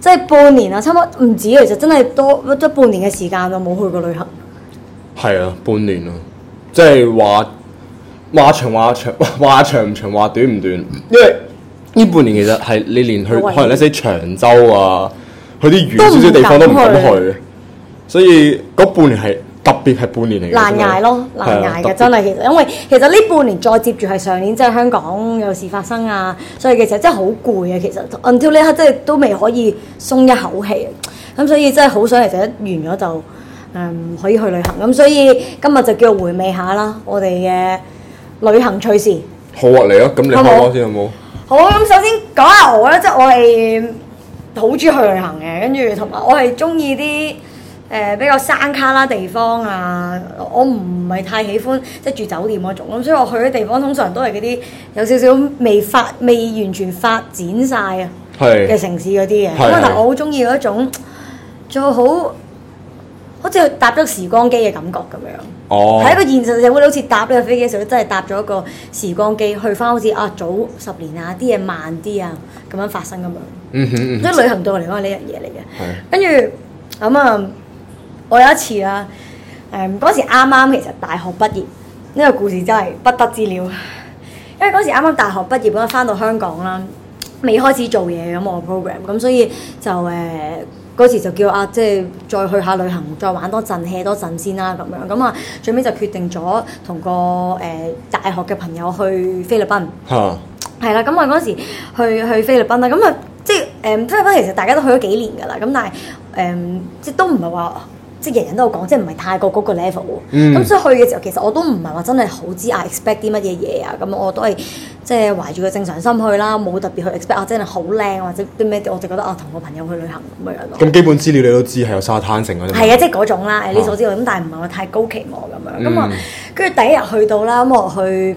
即係半年啊，差唔多唔止，其實真係多都半年嘅時間咯，冇去過旅行。係啊，半年啊，即係話話長話長話長唔長，話短唔短，因為呢半年其實係你連去 可能你啲長洲啊， 去啲遠少少地方都唔敢去，所以嗰半年係。特別係半年嚟嘅難捱咯，難捱嘅的特別 真係其實，因為其實呢半年再接住係上年即係、就是、香港有事發生啊，所以其實真係好攰啊。其實 until 呢刻即係都未可以鬆一口氣，咁所以真係好想其實一完咗就嗯可以去旅行。咁所以今日就叫回味下啦，我哋嘅旅行趣事。好啊，嚟啊，咁你開我先好唔好？好咁，首先講下我啦，即係我係好中意去旅行嘅，跟住同埋我係中意啲。誒、呃、比較山卡拉地方啊，我唔係太喜歡即係住酒店嗰種咁，啊，所以我去嘅地方通常都係嗰啲有少少未發未完全發展曬嘅城市嗰啲嘅。咁是但係我好中意嗰種做好好似搭咗時光機嘅感覺咁樣，喺、哦、一個現實社會好似搭呢個飛機時候真係搭咗一個時光機，去返好似啊早十年啊啲嘢慢啲啊咁樣發生咁樣。即係、嗯嗯、旅行對我嚟講係呢樣嘢嚟嘅。這這是跟住咁啊～、嗯嗯嗯嗯我有一次啦、啊，誒、嗯、嗰時啱啱其實大學畢業，呢、這個故事真係不得之了。因為嗰時啱啱大學畢業咁，翻到香港啦，未開始做嘢咁我 program，咁、嗯、所以就誒嗰、嗯、時就叫啊，即係再去下旅行，再玩多陣歇多陣先啦、啊、咁樣。咁、嗯、啊，最尾就決定咗同個誒、呃、大學嘅朋友去菲律賓。嚇、啊，係啦，咁、嗯、我嗰時去去菲律賓啦，咁、嗯、啊即係誒、嗯、菲律賓其實大家都去咗幾年㗎啦，咁但係誒、嗯、即都唔係話。即係人人都有講，即係唔係泰過高個 level 咁、嗯、所以去嘅時候，其實我都唔係話真係好知，expect 啲乜嘢嘢啊。咁我都係即係懷住個正常心去啦，冇特別去 expect 啊，真係好靚或者啲咩，我就覺得啊，同個朋友去旅行咁樣咯。咁、嗯、基本資料你都知係有沙灘成嘅。係啊，即係嗰種啦，你所知道，咁、啊，但係唔係話太高期望咁樣。咁啊、嗯，跟住第一日去到啦，咁、嗯、我去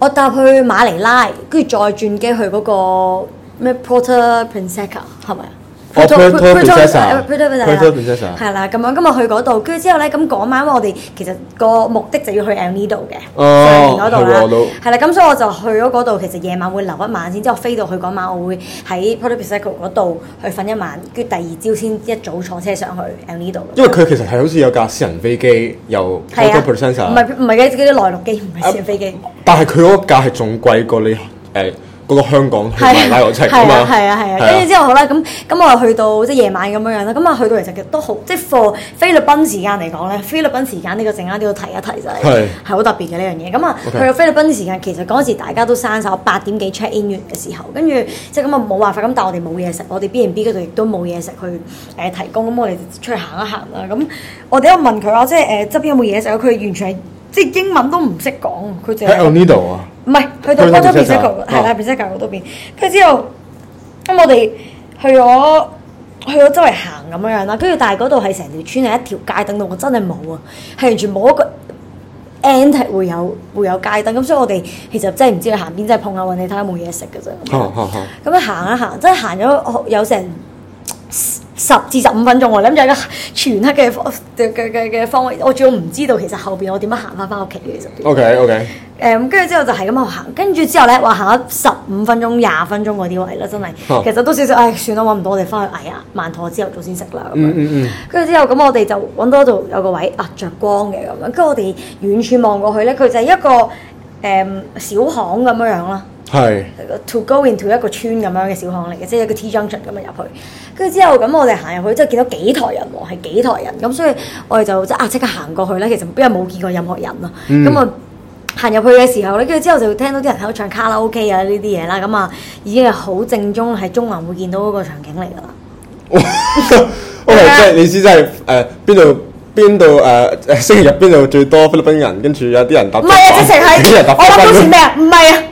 我搭去馬尼拉，跟住再轉機去嗰、那個咩 Porto p r i n c 咪啊？葡萄牙葡萄牙，葡萄牙葡萄牙，係啦，咁樣今日去嗰度，跟住之後咧，咁嗰晚我哋其實個目的就要去 El Nido 嘅，去嗰度啦，係啦，咁所以我就去咗嗰度，其實夜晚會留一晚先，之後飛到去嗰晚，我會喺 Puerto Princesa 嗰度去瞓一晚，跟住第二朝先一早坐車上去 El Nido。因為佢其實係好似有架私人飛機，又係個 percent 啊？唔係唔係嘅，嗰啲內陸機唔係私人飛機，但係佢嗰個價係仲貴過你誒。嗰個香港香辣拉油車啊嘛，係啊係啊，跟住麼的之後好啦，咁咁我又去到即係夜晚咁樣樣啦，咁啊去到其實都好，即係 for 菲律賓時間嚟講咧，菲律賓時間呢、這個陣間都要提一提就係、是，係好的特別嘅呢樣嘢。咁、這、啊、個、Okay. 去到菲律賓時間，其實嗰陣時大家都閂曬，八點幾 check in 完嘅時候，跟住即係咁啊冇辦法，咁但係我哋冇嘢食，我哋 B and B 度亦都冇嘢食去誒提供，咁我哋出去行一行啦。咁我哋又問佢啊，即係誒側邊有冇嘢食？佢完全。即係英文都唔識講，佢就喺呢度啊！唔係去到波比比斯教，係啦，比斯教嗰度邊。跟住之後，咁我哋去咗，去咗周圍行咁樣樣啦。跟住但係嗰度係成條村係一條街等到我真係冇啊，係完全冇一個 end 係會有會有街燈。咁所以我哋其實真係唔知去行邊、啊啊啊，真係碰下運，睇下有冇嘢食嘅啫。咁樣行一行，真係行咗有成。十至十五分鐘，我諗住就喺度全黑嘅嘅嘅嘅方位，我仲唔知道其實後邊我點樣行翻翻屋企嘅。其實 O K O K。誒跟住之後就係咁行，跟住之後咧話行咗十五分鐘、廿分鐘嗰啲位啦，真係、oh. 其實都少少。唉、哎，算啦，揾唔到我，我哋翻去捱下饅頭之後早先食啦。嗯嗯，跟住之後咁，我哋就揾到一度有個位啊，着光嘅咁樣。跟住我哋遠處望過去咧，佢就係一個誒小巷咁樣樣啦。係。to go into 一個村咁樣嘅小巷嚟嘅，即係一個 T junction 咁入去。跟住之後咁，我哋行入去之後，見到幾台人喎，係幾台人咁，所以我哋就即刻行過去咧。其實邊係冇見過任何人咯。咁啊，行入去嘅時候咧，跟住之後就聽到啲人喺度唱卡拉 OK 啊，呢啲嘢啦。咁啊，已經係好正宗喺中環會見到嗰個場景嚟㗎啦。哦，即係你知即係誒邊度邊度誒星期日邊度最多菲律賓人，跟住有啲人搭唔係啊，即係喺我當時咩啊？唔係啊。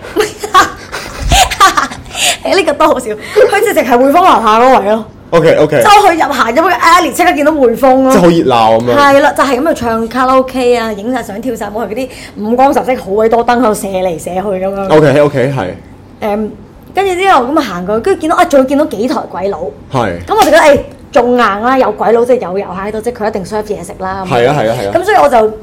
呢個都好少，佢直直係匯豐樓下嗰位咯。O K O K，即係我入行，因為阿連即刻見到匯豐咯，即係好熱鬧咁樣。係啦，就係咁就唱卡拉 O K 啊，影曬相，跳曬舞，嗰啲五光十色，好鬼多燈喺度射嚟射去咁樣。O K O K，係誒，跟住之後咁啊，行過去，跟住見到啊，仲要見到幾台鬼佬，係咁我哋覺得誒仲硬啦，有鬼佬即係有遊客喺度，即係佢一定需要啲嘢食啦。係啊係啊係啊，咁所以我就。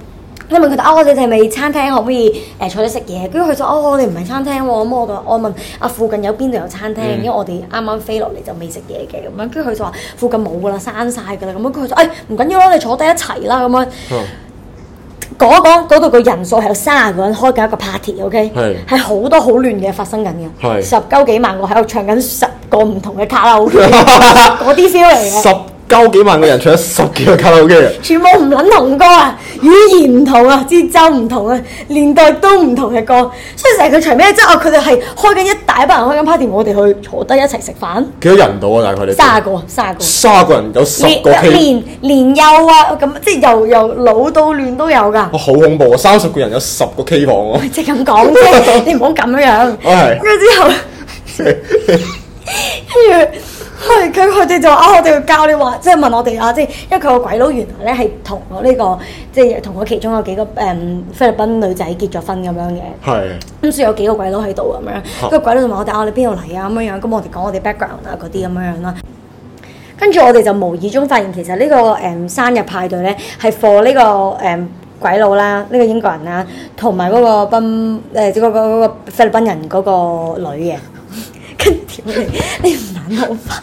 你問佢哋啊，你哋哋係咪餐廳可唔可以誒坐低食嘢？跟住佢就話哦，我哋唔係餐廳喎、啊。咁我講，我問啊，附近有邊度有餐廳？嗯、因為我哋啱啱飛落嚟就未食嘢嘅咁樣。跟住佢就話附近冇噶啦，閂曬噶啦咁樣。佢就誒唔緊要啦，你坐低一齊啦咁樣。講一講嗰度嘅人數係有三十個人開緊一個 party，OK，係好多好亂嘅發生緊嘅，是十鳩幾萬個喺度唱緊十個唔同嘅卡拉 OK，嗰啲 feel 嚟嘅。有幾萬個人，除咗十幾個卡拉 OK，全部唔捻同歌啊，語言唔同啊，節奏唔同啊，年代都唔同嘅歌，所以成個場咩？即係哦，佢哋係開緊一大班人開緊 party，我哋去坐低一齊食飯。幾多人到啊？大概你？卅個，卅個。卅個人有十個 K，年年幼啊，咁即係由由老到嫩都有噶。好、哦、恐怖啊！三十個人有十個 K 房喎、啊。即係咁講啫， 你唔好咁樣樣。跟住之後。跟住，佢佢佢哋就啊，我哋要教你話，即係問我哋啊，即係因為佢個鬼佬原來咧係同我呢個，即係同我其中有幾個誒菲律賓女仔結咗婚咁樣嘅。係。咁所以有幾個鬼佬喺度咁樣，個鬼佬就問我哋啊，你邊度嚟啊咁樣樣，咁我哋講我哋 background 啊嗰啲咁樣樣啦。跟住我哋就無意中發現，其實呢個誒生日派對咧係 for 呢個誒鬼佬啦，呢個英國人啦，同埋嗰個賓誒個個菲律賓人嗰個女嘅。你唔諗莫凡，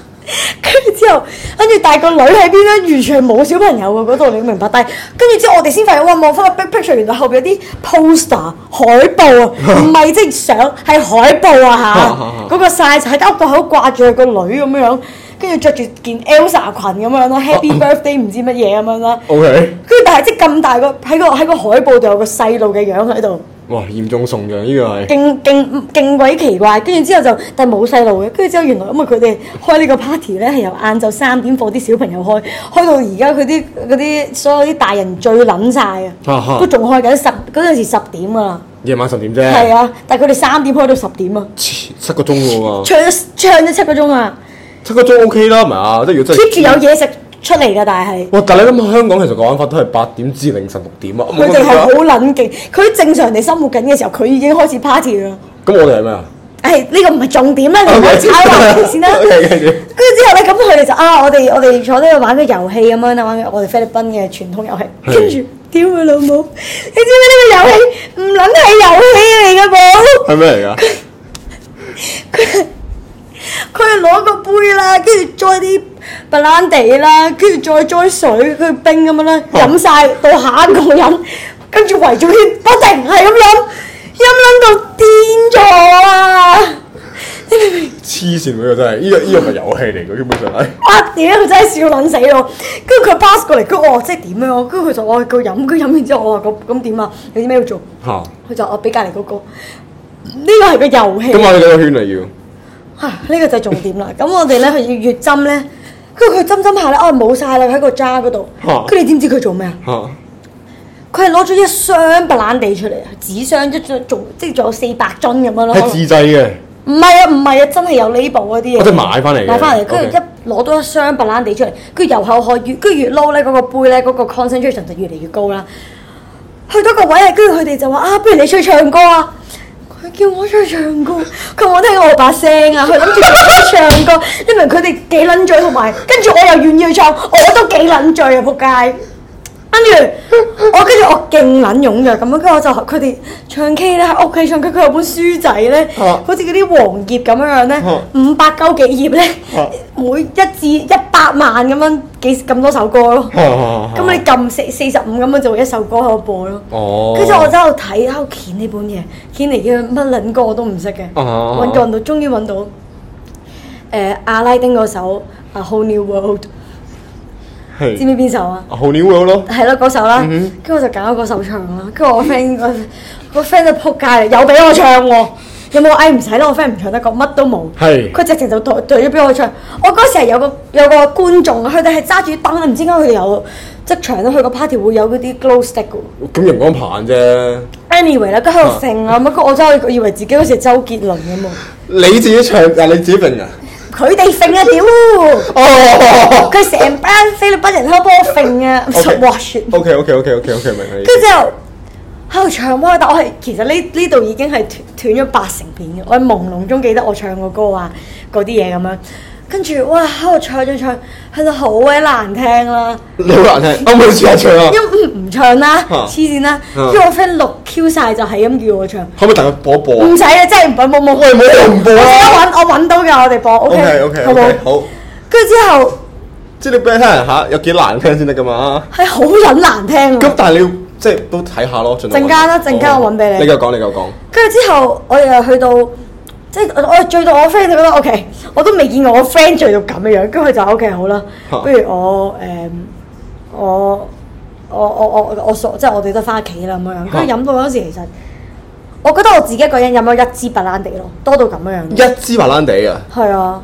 跟住 之後，跟住大個女喺邊咧？完全冇小朋友嘅嗰度，你明白？但係跟住之後，我哋先發現哇，望返個 big picture 原來後邊有啲 poster 海，海報啊，唔係即係相，係海報啊嚇！嗰個 size 喺間屋口掛住個女咁樣，跟住着住件 Elsa 裙咁樣咯 ，Happy Birthday 唔 知乜嘢咁樣啦。O K。跟住但係即係咁大個喺個喺個海報度有個細路嘅樣喺度。哇！嚴重聳嘅呢個係勁勁勁鬼奇怪，跟住之後就但係冇細路嘅。跟住之後原來因為佢哋開呢個 party 咧，係由晏晝三點放啲小朋友開，開到而家佢啲啲所有啲大人最撚晒。啊，都仲開緊十嗰陣時十點㗎、啊、啦。夜晚十點啫。係啊，但係佢哋三點開到十點啊，七個鐘㗎、啊、唱咗唱咗七個鐘啊，七個鐘 OK 啦，係咪啊？即係如果真係 keep 住有嘢食。出嚟噶，但係哇！但係你諗下，香港其實個玩法都係八點至凌晨六點啊。佢哋係好冷靜，佢正常地生活緊嘅時候，佢已經開始 party 啦。咁我哋係咩啊？哎呢個唔係重點啦，你唔好猜啦先啦。跟住之後咧，咁佢哋就啊，我哋我哋坐喺度玩個遊戲咁樣啦，玩嘅我哋菲律賓嘅傳統遊戲。跟住，屌你老母！你知唔知呢個遊戲唔撚係遊戲嚟嘅喎？係咩嚟㗎？佢佢攞個杯啦，跟住再啲，白蘭地啦，跟住再裝水，佢冰咁樣啦，飲曬到下一個飲，跟住圍住圈，不停係咁飲，飲飲到癲咗啊！黐線嗰個真係呢個呢個係遊戲嚟嘅。基本上係哇屌佢真係笑撚死我，跟住佢 pass 過嚟，佢我即係點樣我，跟住佢就我叫飲，佢飲完之後我話咁咁點啊？有啲咩要做？佢就我俾隔離嗰個呢個係個遊戲。咁我哋幾個圈啊？要嚇呢個就重點啦。咁我哋咧，佢要越針咧。跟住佢針針下咧，哦冇曬啦，喺個渣嗰度。跟住哈你點知佢做咩哈啊？佢係攞咗一箱白蘭地出嚟啊，紙箱一樽即係仲有四百樽咁樣咯。係自製嘅。唔係啊，唔係啊，真係有呢部嗰啲啊。我真係買翻嚟。買翻嚟，跟住 Okay. 一攞到一箱白蘭地出嚟，跟住又口渴，越跟住越撈咧，嗰個杯咧嗰、嗰個 concentration 就越嚟越高啦。去到個位啊，跟住佢哋就話啊，不如你出去唱歌啊。佢叫我出去唱歌，佢冇聽我把聲啊，佢諗住同我唱歌，因為佢哋幾撚醉。同埋，跟住我又願意去唱，我覺得都幾撚醉啊仆街！跟住我跟住我勁撚勇躍咁樣，跟住我就佢哋唱 K 咧，喺屋企唱 K。佢有本書仔咧，好似嗰啲黃頁咁樣樣咧，五百鳩幾頁咧，每一至一百萬咁樣幾咁多首歌咯。咁你撳四四十五咁樣做一首歌喺度播咯。跟住我喺度睇喺度揀呢本嘢，揀嚟嘅乜撚歌我都唔識嘅，揾個到，終於揾到誒阿拉丁嗰首 A Whole New World。是知唔知邊首啊？A Whole New World 咯，係咯嗰首啦，跟住、mm hmm. 我就揀咗嗰首唱啦。跟住我 friend 個 friend 就撲街嚟，又俾我唱喎。有冇嗌唔使咯？我 friend 唔唱得歌，乜都冇。係是，佢直情就對咗俾我唱。我嗰時係有個有個觀眾，佢哋係揸住燈，唔知點解佢哋有即場咧。去個 party 會有嗰啲 glow stick 喎。咁陽光棒啫。Anyway 啦，跟喺度盛啊，乜、anyway，啊？我真係以為自己好似周杰倫啊嘛。你自己唱啊？你自己盛啊？佢哋揈啊屌！佢成、oh. 班 菲律賓人幫我揈啊！哇雪 okay. 悉！ok ok ok ok ok，明係跟住之後喺度唱歌，但我係其實呢，呢度已經係斷斷咗八成片嘅。我喺朦朧中記得我唱過歌啊，嗰啲嘢咁樣。跟住哇喺度唱唱唱，唱到好鬼難聽啦！好難聽，我唔可以試下唱啊？一唔唱啦，黐線啦！因為我 friend 六 Q 晒，就係咁叫我唱，可唔可以等佢播一播？唔使啊，真係唔好冇冇，我哋冇得唔播，我揾到㗎，我哋播。O K O K O K 好。跟住之後，即係你俾其他人聽下，有幾難聽先得㗎嘛？係好撚難聽！咁但係你要即係都睇下咯，陣間啦，陣間我揾俾你。你又講，你又講。跟住之後，我哋又去到。即係我醉到我 friend 就覺得 OK，我都未見過我 friend 醉到咁嘅樣，跟住佢就 OK 好啦。不如我誒、嗯、我我我我我所即係我哋都翻屋企啦咁樣。跟住飲到嗰時，其實我覺得我自己一個人飲咗一支白蘭地咯，多到咁嘅樣。一支白蘭地啊？係啊。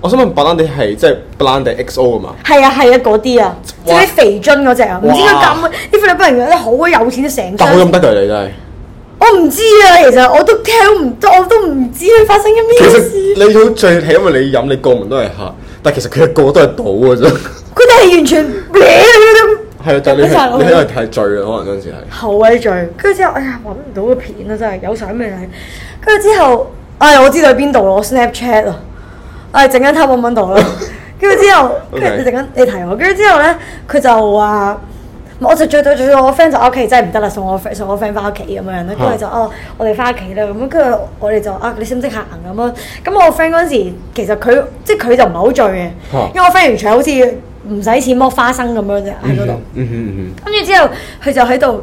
我想問白蘭地係即係白蘭地 XO 啊嘛？係啊係啊，嗰啲啊，哇即係肥樽嗰隻啊，唔知佢咁啲 friend 不如好鬼有錢成樽。咁得嚟真係～我唔知啊，其實我都聽唔到，我都唔知佢發生緊咩事。你好醉，係因為你飲，你過門都係客。但其實佢一個都係倒啊，真。佢哋係完全咩啊咁？係、呃、啊，但你你因為太醉啦，是可能嗰陣時係。好鬼醉，跟住之後，哎呀揾唔到個片啊！真係有曬咩嘅？跟住之後，哎呀，我知道喺邊度咯，Snapchat 啊！哎，陣間偷摸摸到啦。跟住 之後，跟住你陣間，你提我。跟住之後咧，佢就話。我就醉到醉到，我 friend 就喺屋企，真係唔得啦，送我 friend 送我 friend 翻屋企咁樣啦，佢、啊、就哦，我哋翻屋企啦，咁跟住我哋就啊，你識唔識行咁啊？咁我 friend 嗰陣時，其實佢即係佢就唔係好醉嘅，啊、因為我 friend 完全好似唔使錢剝花生咁樣啫，喺嗰度。跟住、嗯嗯嗯、之後，佢就喺度誒。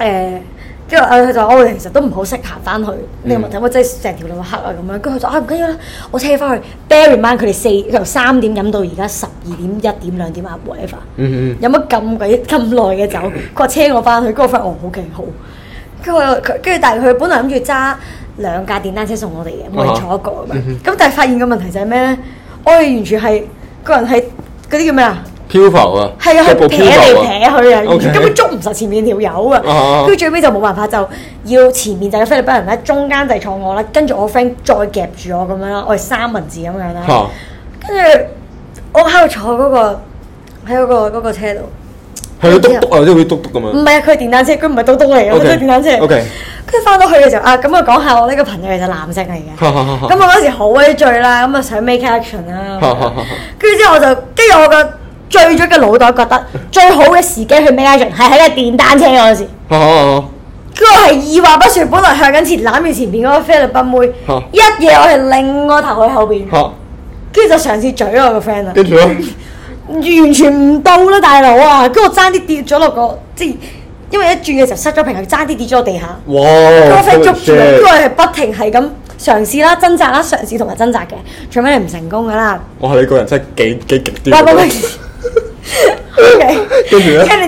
呃跟住佢就，我哋其實都唔好識行翻去呢個問題，我真係成條路黑啊咁樣。跟住佢就，唉唔緊要啦，我車翻去。Berry 晚佢哋四由三點飲到而家十二點一點兩點啊 whatever。嗯嗯。飲乜咁鬼咁耐嘅酒？佢話車我翻去，嗰個 friend 我好勁好。跟住佢，跟住但係佢本來諗住揸兩架電單車送我哋嘅，我哋坐一個咁樣。咁但係發現個問題就係咩咧？我哋完全係個人係嗰啲叫咩啊？漂浮啊，係啊，佢撇嚟撇去啊，完全根本捉唔實前面條友啊。跟住最尾就冇辦法，就要前面就係菲律賓人啦，中間就係坐我啦，跟住我 friend 再夾住我咁樣啦，我係三文治咁樣啦。跟住我喺度坐嗰個喺嗰個嗰個車度，係佢篤篤啊，即係佢篤篤咁樣。唔係啊，佢係電單車，佢唔係篤篤嚟嘅，佢電單車。O K。跟住翻到去嘅時候啊，咁啊講下我呢個朋友其實男性嚟嘅。咁我嗰時好鬼醉啦，咁啊想 make action 啦。跟住之後我就跟住我個。醉咗嘅腦袋覺得最好嘅時機去咩？a 係喺個電單車嗰陣時，哦，跟住係二話不說，本來向緊前攬住前邊嗰個菲律賓妹，一夜我係擰個頭喺後邊，跟住就嘗試嘴我個 friend 啊，跟住完全唔到啦大佬啊，跟住我爭啲跌咗落個，即係因為一轉嘅時候失咗平衡，爭啲跌咗地下，哇，個 friend 捉住佢，因為係不停係咁嘗試啦、掙扎啦、嘗試同埋掙扎嘅，除屘你唔成功噶啦，哇，你個人真係幾幾極端。O 跟住咧，聽 Okay. 你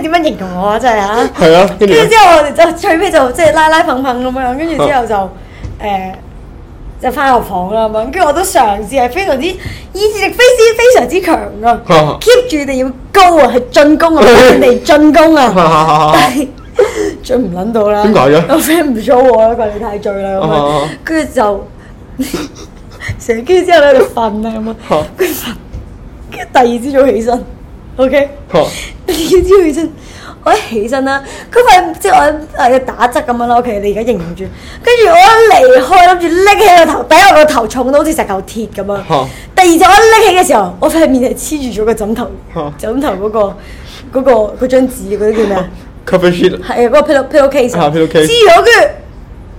點樣形容我啊，真係啊。係啊，跟住之後我哋就最尾就即係拉拉碰碰咁樣，跟住之後就誒、 欸、就翻入房啦，咁跟住我都嘗試係非常之意志力，非常非常之強嘅，keep 住定要高啊，係進攻啊，你進攻啊，但係進唔撚到啦。點解嘅？我 friend 唔左我啦，你太醉啦咁樣，跟住就成日，跟住之後咧就瞓啦，咁啊，跟住瞓，跟住第二朝早起身。O K，你要起身，我一起身啦，佢咪即係我啊打側咁樣咯。O、okay, K，你而家認住，跟住我一離開，諗住拎起個頭，抵我個頭重到好似石嚿鐵咁啊。第二隻我一拎起嘅時候，我塊面係黐住咗個枕頭，Huh. 枕頭嗰、那個嗰、那個張紙嗰啲、那個、叫咩啊、huh.？Cover sheet，係嗰、那個 pillow pillow case，黐咗佢。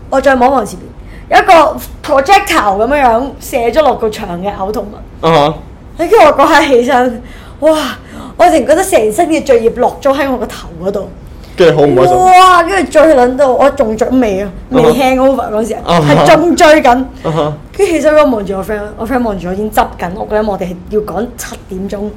我再望望前邊，有一個 projectile 咁樣樣射咗落個牆嘅，好痛啊！你、huh. 知我嗰刻起身，哇～我淨覺得成身嘅罪孽落咗喺我個頭嗰度，跟住好唔好？哇！跟住最諗到我仲著未啊，未 hangover 嗰陣時，係仲、uh huh. 追緊。跟住起身嗰陣望住我 friend，我 friend 望住我已經執緊屋咧，因為我哋係要趕七點鐘。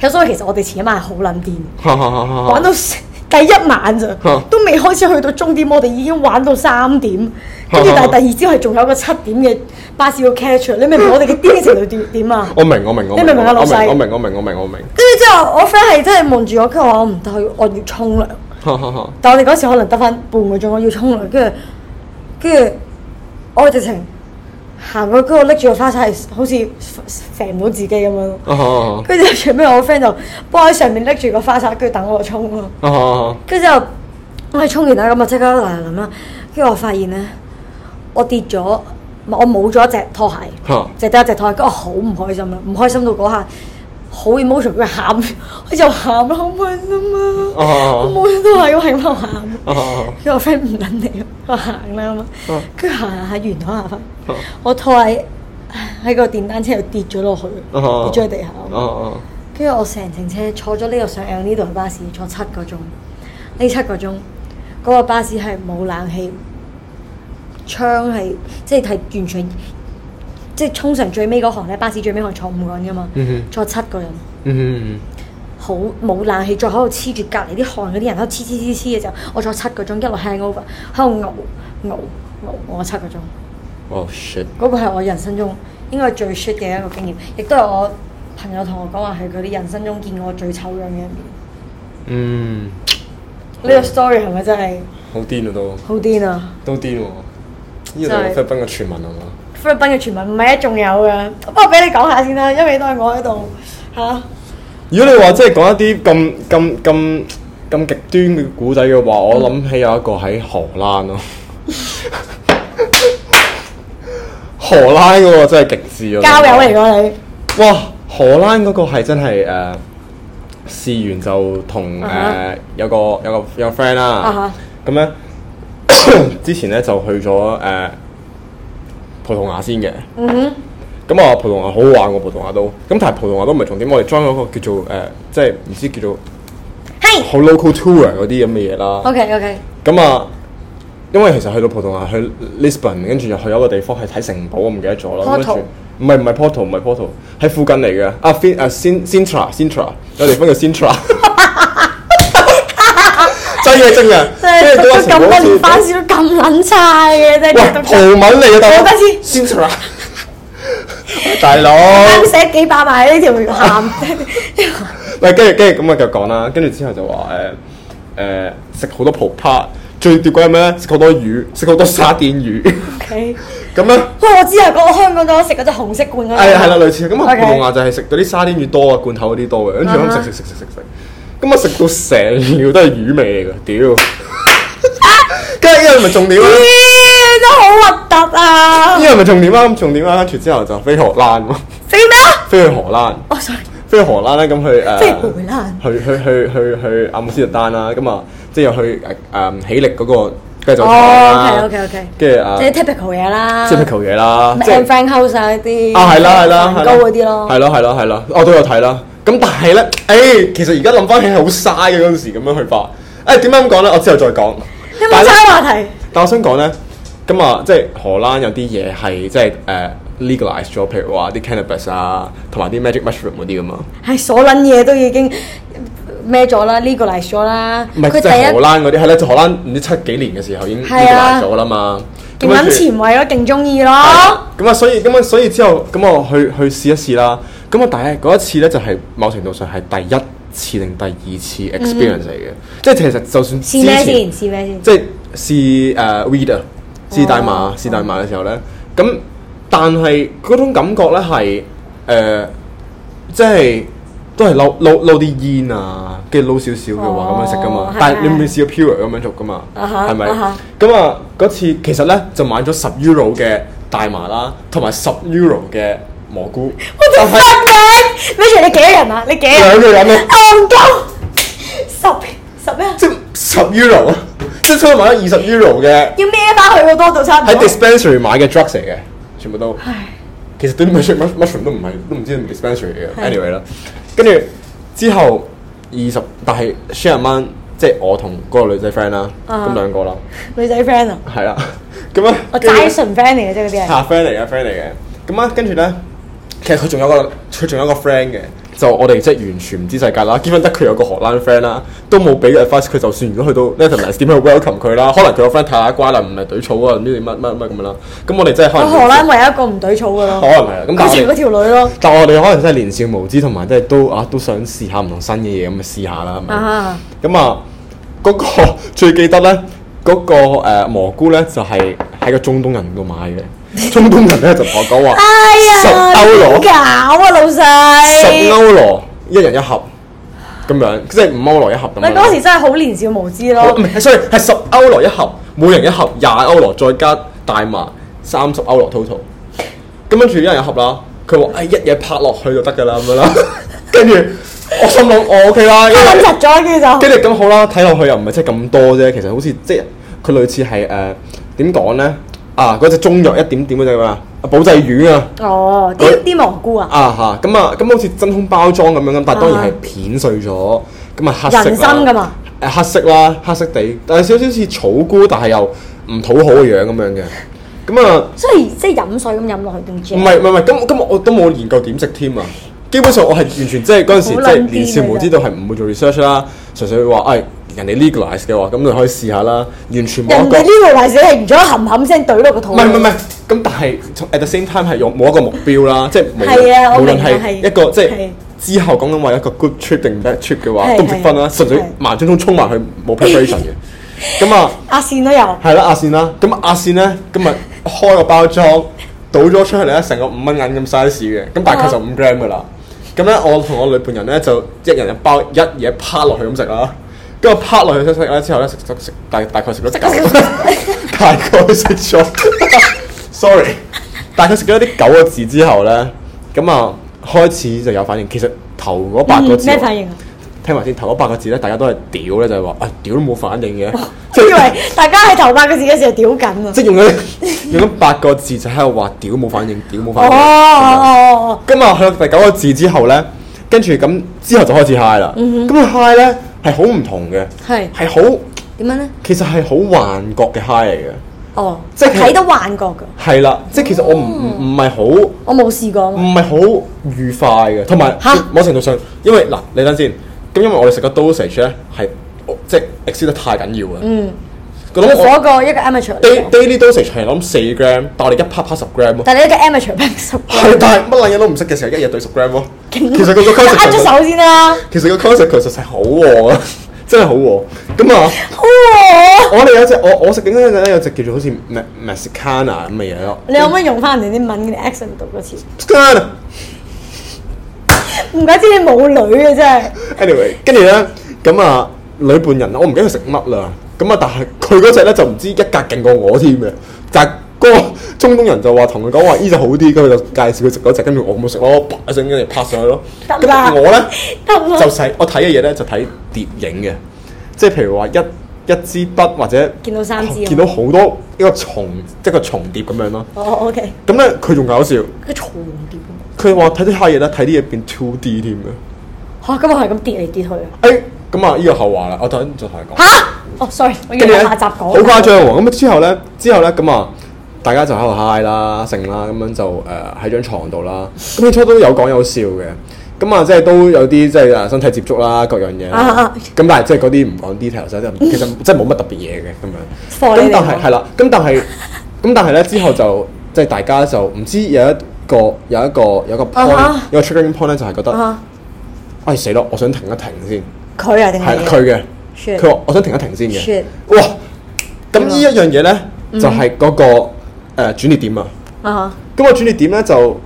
其實所以其實我哋前一晚係好撚癲，玩、uh huh. 到。Uh huh. 第一晚咋，都未開始去到終點，我哋已經玩到三點，跟住但係第二朝係仲有個七點嘅巴士要 catch，你明唔 明我哋嘅精神點點啊？我明,你明我明我明我明闆我明我明，跟住之後我 friend 係真係望住我，跟住話我唔得，我要沖涼。哈哈 但係我哋嗰時可能得翻半個鐘，我要沖涼，跟住跟住我直情……行過嗰個拎住個花灑，好似肥唔到自己咁樣。跟住、oh, oh, oh，最尾我個 friend 就幫我喺上面拎住個花灑，跟住等我衝咯。跟住之後，我係衝完啦，咁啊即刻嗱諗啦。跟住我發現咧，我跌咗，我冇咗一隻拖鞋，oh. 只剩低一隻拖鞋，跟我好唔開心啦，唔開心到嗰下。好 S S、oh, okay, alright, bara,，我冇上佢喊，佢就喊啦，好唔好啊？我每次都係咁喺度喊，跟住我 friend 唔等你，我行啦嘛，跟住行行喺圓通下我坐喺喺個電單車又跌咗落去，跌咗喺地下，跟住我成程車坐咗呢度上呢度嘅巴士，坐七個鐘，呢七個鐘嗰個巴士係冇冷氣，窗係即係係完全。即係通常最尾嗰行咧，巴士最尾行坐五個人噶嘛，坐七個人，好冇冷氣，再喺度黐住隔籬啲汗嗰啲人，喺度黐黐黐黐嘅時候，我坐七個鐘，一路 hang over，喺度嘔嘔嘔，我七個鐘。哦 shit！嗰個係我人生中應該係最 shit 嘅一個經驗，亦都係我朋友同我講話係佢啲人生中見過最醜樣嘅一面。嗯。呢個 story 係咪真係？好癲啊都！好癲啊！都癲喎！呢個就菲律賓嘅傳聞係嘛？菲律賓嘅傳聞唔係一仲有嘅，不過俾你講下先啦，因為都係我喺度嚇。如果你話即係講一啲咁咁咁咁極端嘅古仔嘅話，嗯、我諗起有一個喺荷蘭咯、啊。 荷蘭嗰個真係極致啊！交友嚟㗎、啊、你。哇！荷蘭嗰個係真係誒、uh, 試完就同誒、uh, uh huh. 有個有個有個 friend 啦、啊。咁咧、uh huh. 之前咧就去咗誒。Uh, 葡萄牙先嘅，mm hmm. 嗯哼。咁啊葡萄牙好玩喎，葡萄牙都，咁但係葡萄牙都唔係重點，我哋 join 嗰個叫做誒、呃，即係唔知叫做好 Hey. local tour 嗰啲咁嘅嘢啦。OK OK。咁啊，因為其實去到葡萄牙去 Lisbon，跟住又去有一個地方係睇城堡，我唔記得咗啦。跟住唔係唔係 Porto 唔係 Porto 喺附近嚟嘅。 啊先 Sintra Sintra， 有地方叫 Sintra。 真嘅真嘅，咩都咁咩亂翻少咁撚差嘅，真係。哇，葡文嚟嘅大佬。我唔得先出嚟，大佬。寫幾百萬呢條鹹。喂，跟住跟住咁啊，繼續講啦。跟住之後就話誒誒食好多葡撻，最奪鬼係咩咧？食好多魚，食好多沙甸魚。O K，咁咧。不過我知啊，個香港都食嗰啲紅色罐嗰啲。哎呀，係啦，類似咁啊，葡萄牙啊，就係食嗰啲沙甸魚多啊，罐頭嗰啲多嘅，跟住咁食食食食食食。咁我食到成條都係魚味嚟㗎，屌！跟住呢個咪重點咯，真係好核突啊！呢個咪重點啊，咁重點啊，完之後就飛荷蘭喎，飛咩啊？飛去荷蘭。哦，sorry。飛去荷蘭啦，咁去誒。飛荷蘭。去去去去去阿姆斯特丹啦，咁啊，即係又去誒誒喜力嗰個啤酒廠啦。哦，OK OK OK。跟住誒。即係 typical 嘢啦。typical 嘢啦！House 啊啲。啊，係啦係啦係啦。高嗰啲咯。係啦係啦係啦，我都有睇啦。咁但係咧，誒，其實而家諗翻起係好嘥嘅嗰陣時咁樣去發。誒點解咁講咧？我之後再講。有冇嘥話題？但我想講咧，咁啊，即係荷蘭有啲嘢係即係誒 legalize 咗，譬如話啲 cannabis 啊，同埋啲 magic mushroom 嗰啲咁啊。係，所撚嘢都已經孭咗啦，legalize 咗啦。唔係，即係荷蘭嗰啲係咧，就荷蘭唔知七幾年嘅時候已經 legalize 咗啦嘛。勁撚前衞咯，勁中意咯。咁啊，所以咁啊，所以之後咁我去去試一試啦。咁啊，第一嗰一次咧就係某程度上係第一次定第二次 experience 嚟嘅，即係其實就算試咩先，試咩先、uh, okay. 呃，即係、啊哦、試誒 weed，試大麻，試大麻嘅時候咧，咁但係嗰種感覺咧係誒，即係都係撈撈撈啲煙啊，跟住撈少少嘅話咁樣食噶嘛，但係你唔會試過 pure 咁樣做噶嘛，係咪？咁啊，嗰次其實咧就買咗十 Euro 嘅大麻啦，同埋十 Euro 嘅。蘑菇，我真係發命。Mushroom 你幾人啊？你幾兩個人啊？夠唔夠十十咩啊？即係十 Euro 啊！即係出去買咗二十 Euro 嘅。要孭翻去好多到餐。喺 dispensary 買嘅 drugs 嚟嘅，全部都其實對 mushroom 都唔係都唔知係 dispensary 嚟嘅。anyway 啦，跟住之後二十，但係 share man 即係我同嗰個女仔 friend 啦，咁兩個啦，女仔 friend 啊，係啦。咁啊，我 gentleman friend 嚟嘅，即嗰啲茶 friend 嚟嘅 friend 嚟嘅，咁啊，跟住咧。其實佢仲有個佢仲有個 friend 嘅，就我哋即係完全唔知世界啦。基本得佢有個荷蘭 friend 啦，都冇俾佢。佢就算如果 去到 Latinas 店去 welcome 佢啦，可能佢個 friend 睇下乖啦，唔係懟草啊，呢啲乜乜乜咁樣啦。咁我哋即係荷蘭唯有一個唔懟草嘅咯。可能係咁，跟住嗰條女咯。但我哋 可能真係年少無知，同埋都係都啊都想試下唔同新嘅嘢咁，咪試下啦。咁啊，嗰個 最記得咧，嗰個呃蘑菇咧，就係喺個中東人度買嘅。中東人咧就同我講話、哎、呀十歐羅，好搞啊老細！十歐羅一人一盒咁樣，即係五歐羅一盒咁樣。你嗰時真係好年少無知咯。唔係，sorry 係十歐羅一盒，每人一盒歐羅，廿歐羅再加大麻三十歐羅 total。咁跟住一人一盒啦，佢話誒一嘢拍落去就得噶啦咁樣啦。跟 住我心諗我 OK 啦，佢穩實咗跟住就。跟住咁好啦，睇落去又唔係即係咁多啫。其實好似即係佢類似係誒點講咧？呃啊！嗰隻中藥一點點嗰隻嘛，保濟丸啊。哦，啲啲蘑菇啊。啊吓，咁啊，咁好似真空包裝咁樣咁，但係當然係片碎咗，咁啊黑色。人心噶嘛。誒、啊，黑色啦，黑色地，但係少少似草菇，但係又唔討好嘅樣咁樣嘅，咁啊。所以即係飲水咁飲落去定唔係唔係唔係，今日我都冇研究點食添啊！基本上我係完全即係嗰陣時即係年少無知，道，係唔會做 research 啦，純粹話唉。哎人哋 legalize 嘅話，咁你可以試下啦。完全冇。人哋呢度係寫完咗，冚冚聲懟落個肚。唔係唔係唔係咁，但係 at the same time 係冇一個目標啦，即係無論係一個即係之後講緊話一個 good trip 定 bad trip 嘅話，都唔識分啦。純粹萬中通衝埋去，冇 preparation 嘅，咁啊阿線都有係啦，阿線啦。咁阿線咧，今日開個包裝倒咗出去咧，成個五蚊銀咁 size 嘅咁，但係其實五 gram 嘅啦。咁咧，我同我女伴人咧就一人一包一嘢，趴落去咁食啦。跟住拍落去出出咧之後咧，食食食大大概食咗，大概食咗。sorry，大概食咗啲九個字之後咧，咁啊開始就有反應。其實頭嗰八個字，咩反應啊？聽埋先，頭嗰八個字咧，大家都係屌咧，就係話啊屌都冇反應嘅，即以為大家喺頭八個字嘅時候屌緊啊，即係用咗用咗八個字就喺度話屌冇反應，屌冇反應。哦哦哦。咁啊，響第九個字之後咧，跟住咁之後就開始 high 啦。咁啊 high 咧？係好唔同嘅，係是，係好點樣咧？其實係好幻覺嘅 high 嚟嘅，哦，即係睇得幻覺噶，係啦了，哦、即係其實我唔唔係好，嗯、我冇試過，唔係好愉快嘅，同埋、啊、某程度上，因為嗱，你等先，咁因為我哋食個 dosage 咧係即、就、係、是、exceed 得太緊要喇。嗯我做一個一個 amateur。Daily dosage 成日諗四 gram，但係我哋一 part part 十 gram 咯。但係你一個 amateur 唔識。係，但係乜嘢都唔識嘅時候，一日對十 gram 咯。其實個 concept，你拉咗手先啦。其實個 concept 其實係好旺啊，真係好旺。咁啊，我我哋有一隻，我我食緊嗰陣咧有隻叫做好似 maskana 咁嘅嘢咯。你有乜用翻人哋啲文嗰啲 accent 讀多次？唔怪之你冇女啊，真係。Anyway，跟住咧咁啊，女伴人，我唔記得佢食乜啦。咁啊！但係佢嗰隻咧就唔知一格勁過我添嘅。但係嗰個中東人就話同佢講話呢隻好啲，咁佢就介紹佢食嗰隻，跟住我冇食咯。一陣間又拍上去咯。得啦、啊啊。我咧就睇我睇嘅嘢咧就睇疊影嘅，即係譬如話一一支筆或者見到三支咯、哦。見到好多一個重一個重疊咁樣咯。哦，O K。咁咧佢仲搞笑。一個重疊。佢話睇啲下嘢咧，睇啲嘢變 two D 添嘅。吓，咁我係咁跌嚟跌去啊。誒咁啊！呢、欸嗯這個後話啦，我等再同你講、啊。嚇、啊！哦、oh，sorry，我以為下集講下。好、嗯、誇張喎、啊，咁之後咧，之後咧咁啊，大家就喺度嗨啦、性、呃、啦，咁樣就誒喺張床度啦。咁最初都有講有笑嘅，咁啊即係都有啲即係啊身體接觸啦，各樣嘢。咁、啊啊、但係即係嗰啲唔講 details，真係，其實即係冇乜特別嘢嘅咁樣。咁你但係係啦，咁說但係咁但係咧之後就即係大家就唔知有一個有一個有一個 point、啊、哈有一個 triggering point 咧，就係覺得，啊、哈哎死咯，我想停一停先。佢啊定係？係佢嘅。佢話：我想停一停先嘅。嗯、哇！咁呢一樣嘢咧，嗯、就係嗰、那個誒、呃、轉捩點啊。咁、啊、哈個轉捩點咧，就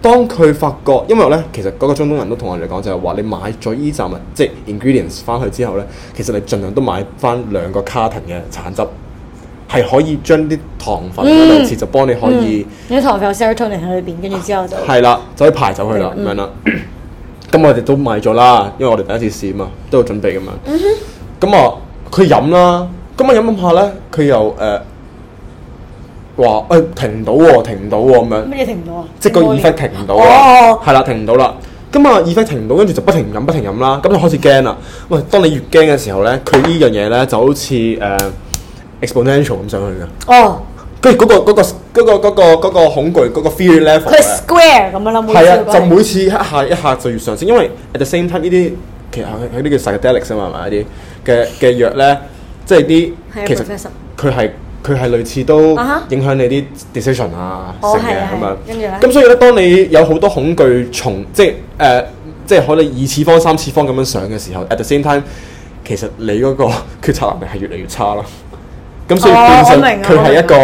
當佢發覺，因為咧，其實嗰個中東人都同我哋講就係話，你買咗呢啲物，即、就、係、是、ingredients 翻去之後咧，其實你儘量都買翻兩個 carton 嘅橙汁，係可以將啲糖分、嗯、第二次就幫你可以。啲、嗯、糖分有 serotonin 喺裏邊，跟住之後就係啦，就可以排走去啦，咁、嗯、樣啦。咁、嗯、 我哋都買咗啦，因為我哋第一次試啊嘛，都有準備咁樣。嗯咁啊，佢飲啦，咁啊飲飲下咧，佢又誒話誒停唔到喎，停唔到喎咁樣。乜嘢停唔到啊？即個耳塞停唔到哦，係啦，停唔到啦。咁、嗯、啊，耳塞停唔到，跟住就不停飲不停飲啦。咁就開始驚啦。喂，當你越驚嘅時候咧，佢呢樣嘢咧就好似誒、呃、exponential 咁上去㗎。哦、那個。跟住嗰個嗰、那個嗰、那個嗰、那個那個恐懼嗰、那個 Fear Level are。佢 Square 咁樣啦。係啊了，每就每次一下一下就越上升，因為 at the same time 呢啲其實係呢叫 schedulex 啊嘛，係咪？嘅嘅藥咧，即係啲其實佢係佢係類似都影響你啲 decision 啊，成嘅咁樣。咁所以咧，當你有好多恐懼從即係誒，即係可能二次方、三次方咁樣上嘅時候，at the same time，其實你嗰個決策能力係越嚟越差咯。咁所以變相佢係一個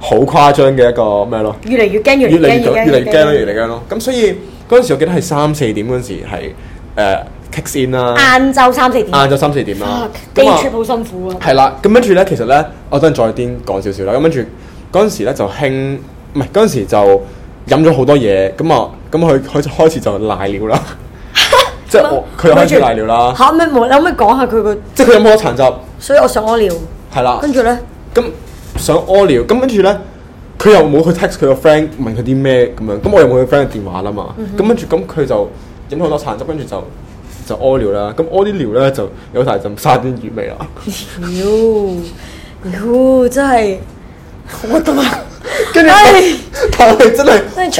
好誇張嘅一個咩咯？越嚟越驚，越嚟越驚，越嚟越驚咯。咁所以嗰陣時，我記得係三四點嗰陣時係誒踢先啦，晏晝三四點，晏晝三四點啦，咁啊，好辛苦啊。係、嗯、啦，咁跟住咧，其實咧，我等陣再癲講少少啦。咁跟住嗰陣時咧就興唔係嗰陣時就飲咗好多嘢，咁啊咁佢佢就開始就賴尿啦，啊、即係我佢又開始賴尿啦嚇。唔你可唔可以講下佢個即係佢有冇多殘疾，所以我想屙尿係啦。跟住咧咁想屙尿，咁跟住咧佢又冇去 text 佢個 friend 問佢啲咩咁樣，咁我又冇佢 friend 嘅電話啦嘛。咁跟住咁佢就飲好多殘疾、嗯哼，跟住就。就屙尿啦，咁屙啲尿咧就有晒浸沙甸魚味啦。尿尿真係好核突啊！跟住但係真係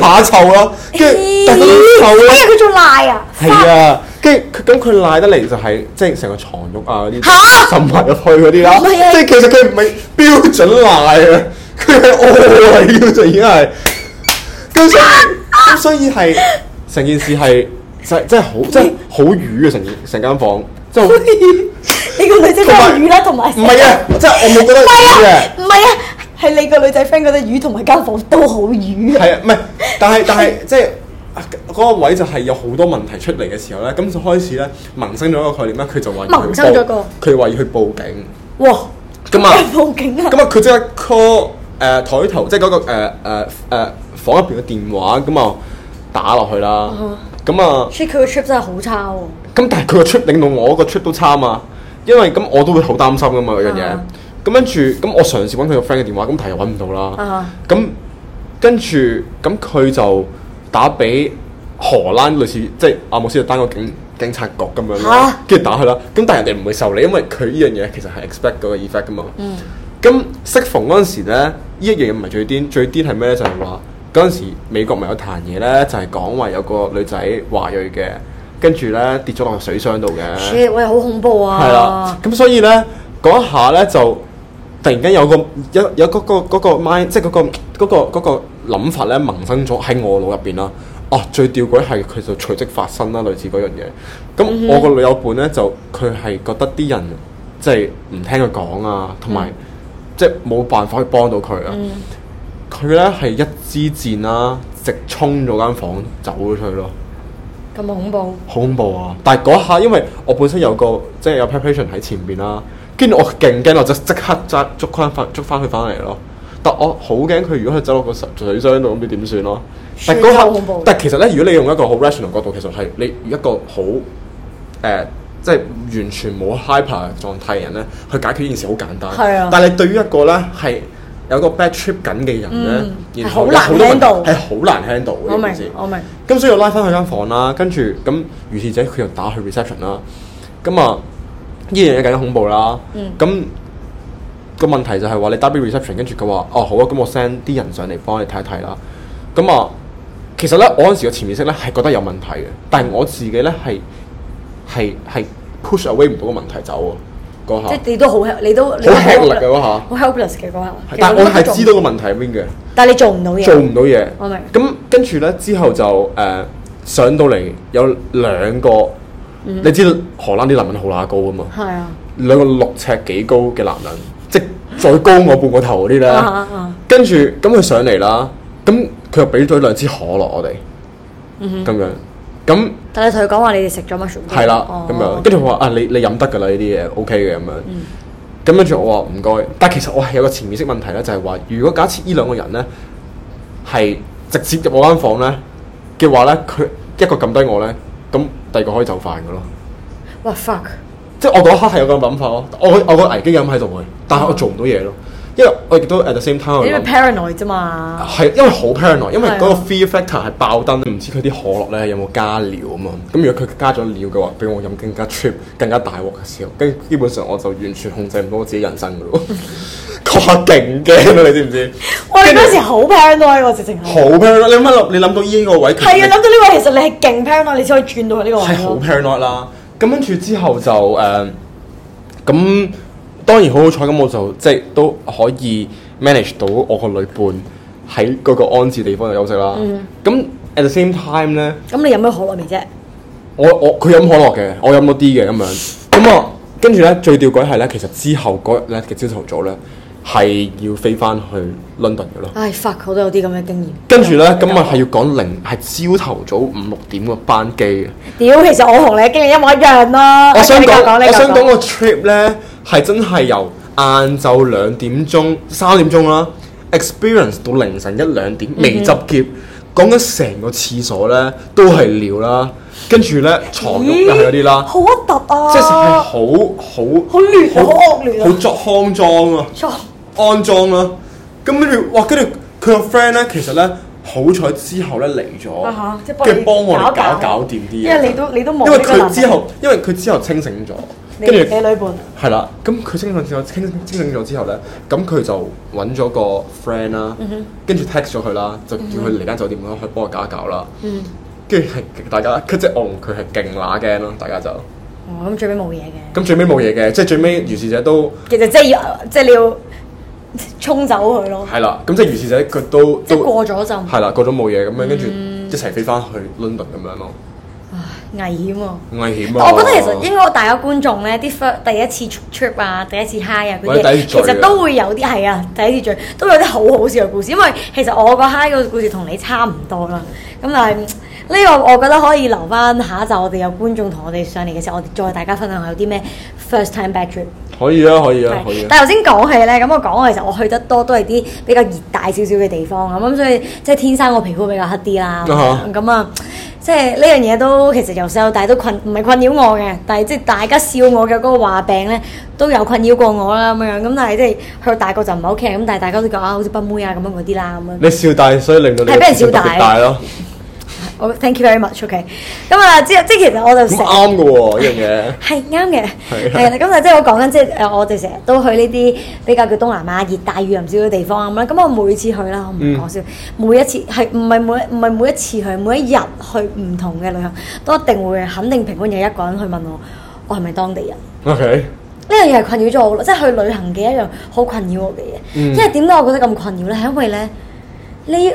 下臭咯，跟住但係佢臭啊！哎呀，佢仲賴啊！係啊，跟住咁佢賴得嚟就係即係成個牀褥啊啲，浸埋入去嗰啲啦。唔係啊，即係其實佢唔係標準賴啊，佢係屙尿就已經係。跟住咁，所以係成件事係。即係真係好，真係好魚啊！成成間房，真係你個女仔都係魚啦，同埋唔係啊！即係我冇覺得，唔係啊，唔係啊，係你個女仔 friend 覺得魚同埋間房都好魚啊。係啊， 唔係，但係但係即係嗰個位就係有好多問題出嚟嘅時候咧，咁就開始咧萌生咗一個概念咧，佢就話萌生咗個佢話要去報警哇咁啊麼報警啊咁啊，佢即刻 call 誒、呃、台頭，即係嗰個誒誒、呃呃呃、房入邊嘅電話咁啊，打落去啦。 咁啊！佢佢個 trip 真係好差喎、哦。咁但係佢個 trip 令到我個 trip 都差啊嘛，因為咁我都會好擔心噶嘛嗰樣嘢。咁跟住，咁我嘗試揾佢個 friend 嘅電話，咁但係又揾唔到啦。咁跟住，咁佢就打俾荷蘭，類似即係阿姆斯特丹個警警察局咁樣咯。跟住、啊、打佢啦。咁但係人哋唔會受理，因為佢呢樣嘢其實係 expect 嗰個 effect 噶嘛。咁適逢嗰陣時咧，呢一樣嘢唔係最癲，最癲係咩咧？就係、是、話。嗰陣時，美國咪有彈嘢咧，就係講話有個女仔華裔嘅，跟住咧跌咗落水箱度嘅。喂，我好恐怖啊！係啦，咁所以咧，嗰一下咧就突然間有個有有嗰、嗰個嗰、嗰個 mind，即係嗰個嗰、嗰個諗、嗰個嗰個、法咧萌生咗喺我腦入邊啦。哦、啊，最吊詭係佢就隨即發生啦，類似嗰樣嘢。咁我個女友伴咧就佢係覺得啲人即係唔聽佢講啊，同埋、嗯、即係冇辦法去幫到佢啊。嗯佢咧係一支箭啦、啊，直衝咗間房走咗去咯。咁恐怖？好恐怖啊！但係嗰下，因為我本身有個即係有 preparation 喺前邊啦、啊，跟住我勁驚，我就即刻揸捉翻翻捉翻佢翻嚟咯。但我好驚佢如果佢走落個水箱度，唔知點算咯。血口 但係嗰下，但係其實咧，如果你用一個好 rational 角度，其實係你一個好誒、呃，即係完全冇 hyper 狀態嘅人咧，去解決呢件事好簡單。係啊。但係對於一個咧係。有個 bad trip 緊嘅人咧，然後好難聽到，係好難 handle，知唔知？我明。咁所以拉翻去間房啦，跟住咁，於是者佢又打去 reception 啦。咁啊，呢樣嘢更加恐怖啦。咁個、嗯、問題就係話你打俾 reception，跟住佢話：哦，好啊，咁我 send 啲人上嚟幫你睇一睇啦。咁啊，其實咧，我嗰時嘅潛意識咧係覺得有問題嘅，但係我自己咧係係係 push away 唔到個問題走啊。即係你都好，你都好吃力㗎嗰下，好 helpless 嘅嗰下。但係我係知道個問題係邊嘅。但係你做唔到嘢。做唔到嘢。我明。咁跟住咧，之後就誒上到嚟有兩個，你知荷蘭啲男人好乸高㗎嘛？係啊。兩個六尺幾高嘅男人，即係再高我半個頭嗰啲咧。跟住咁佢上嚟啦，咁佢又俾咗兩支可樂我哋，咁樣。咁，嗯、但係同佢講話你哋食咗乜嘢？係啦、哦，咁樣跟住 Okay. 我話啊，你你飲得㗎啦，呢啲嘢 OK 嘅咁樣。咁跟住我話唔該，但係其實我係有個潛意識問題咧，就係、是、話如果假設呢兩個人咧係直接入我間房咧嘅話咧，佢一個撳低我咧，咁第二個可以就範㗎 the 咯。哇 fuck！即係我嗰一刻係有個諗法咯，我我個危機飲喺度佢，但係我做唔到嘢咯。因為我亦都 at the same time，因為 paranoid 啫嘛，係因為好 paranoid，因為嗰個 fear factor 係爆燈，唔知佢啲可樂咧有冇加料啊嘛。咁如果佢加咗料嘅話，俾我飲更加 trip、更加大鑊嘅時候，跟基本上我就完全控制唔到我自己人生噶咯。我係勁驚啊！你知唔知？我哋嗰時好 paranoid 喎、啊，直情好 paranoid！你諗你諗到呢個位係啊？諗到呢個位其實你係勁 paranoid，你先可以轉到呢個位。係好 paranoid 啦、啊。咁跟住之後就誒咁。呃當然好好彩咁，我就即係都可以 manage 到我個女伴喺嗰個安置地方度休息啦。咁 at the same time 呢，咁你飲咗可樂未啫？我我佢飲可樂嘅，我飲咗啲嘅咁樣。咁啊，跟住呢，最吊詭係呢，其實之後嗰日呢，嘅朝頭早呢。係要飛翻去 London 嘅咯。唉，法國都有啲咁嘅經驗。跟住咧，今日係要講零係朝頭早五六點嘅班機嘅。屌，其實我同你嘅經歷一模一樣啦。我想講，我想講個 trip 咧係真係由晏晝兩點鐘、三點鐘啦，experience 到凌晨一兩點未執結，講緊成個廁所咧都係尿啦，跟住咧床褥又係嗰啲啦，好核突啊！即係係好好好亂，好惡劣，好作康裝啊！安裝啦，咁跟住，哇！跟住佢個 friend 咧，其實咧好彩之後咧嚟咗，跟住幫我哋搞搞掂啲嘢。因為你都你都冇因為佢之後，因為佢之後清醒咗，跟住你女伴係啦。咁佢、嗯、清醒之清醒咗之後咧，咁佢就揾咗個 friend 啦，跟住、嗯、哼 text 咗佢啦，就叫佢嚟間酒店啦，去幫我搞搞啦。跟住係大家，佢即係我同佢係勁乸驚咯，大家就咁、哦、最尾冇嘢嘅。咁、嗯、最尾冇嘢嘅，即係最尾如是者都其實即係要，即係你要。沖 走佢咯，係啦，咁即係於是就佢都即係過咗就係啦，過咗冇嘢咁樣，跟住一齊飛翻去 London 咁樣咯。危險啊！危險啊！險啊，我覺得其實應該大家觀眾咧啲第一次 trip 啊，第一次 high 啊嗰啲，或者第一次聚，其實都會有啲係啊，第一次聚都有啲好好笑嘅故事，因為其實我個 high 個故事同你差唔多啦，咁但係。呢個我覺得可以留翻下一集，我哋有觀眾同我哋上嚟嘅時候，我哋再大家分享下有啲咩 first time back trip。可以啊，可以啊， 是可以、啊。可以啊、但係頭先講起咧，咁我講其實我去得多都係啲比較熱帶少少嘅地方咁，咁所以即係天生我皮膚比較黑啲啦。咁、uh huh. 嗯、啊，即係呢樣嘢都其實由細到大都困，唔係困擾我嘅。但係即係大家笑我嘅嗰個話柄咧，都有困擾過我啦咁樣。咁但係即係去到大個就唔係 OK。咁，但係大家都講、啊、好似賓妹啊咁樣嗰啲啦咁啊。你笑大，所以令到你係俾人笑大咯。我、oh, thank you very much，OK、okay? so。咁啊，即係即係，其實我就咁啱嘅喎，一樣嘢係啱嘅。係啊，咁啊，即係我講緊，即係誒，我哋成日都去呢啲比較叫東南亞熱帶雨林少嘅地方咁啦。咁我每次去啦，我唔講笑，每一次係唔係每唔係每一次去，每一日去唔同嘅旅行，都一定會肯定平均有一個人去問我，我係咪當地人？OK。呢樣嘢係困擾咗我，即係去旅行嘅一樣好困擾我嘅嘢、嗯。因為點解我覺得咁困擾咧？係因為咧。呢一群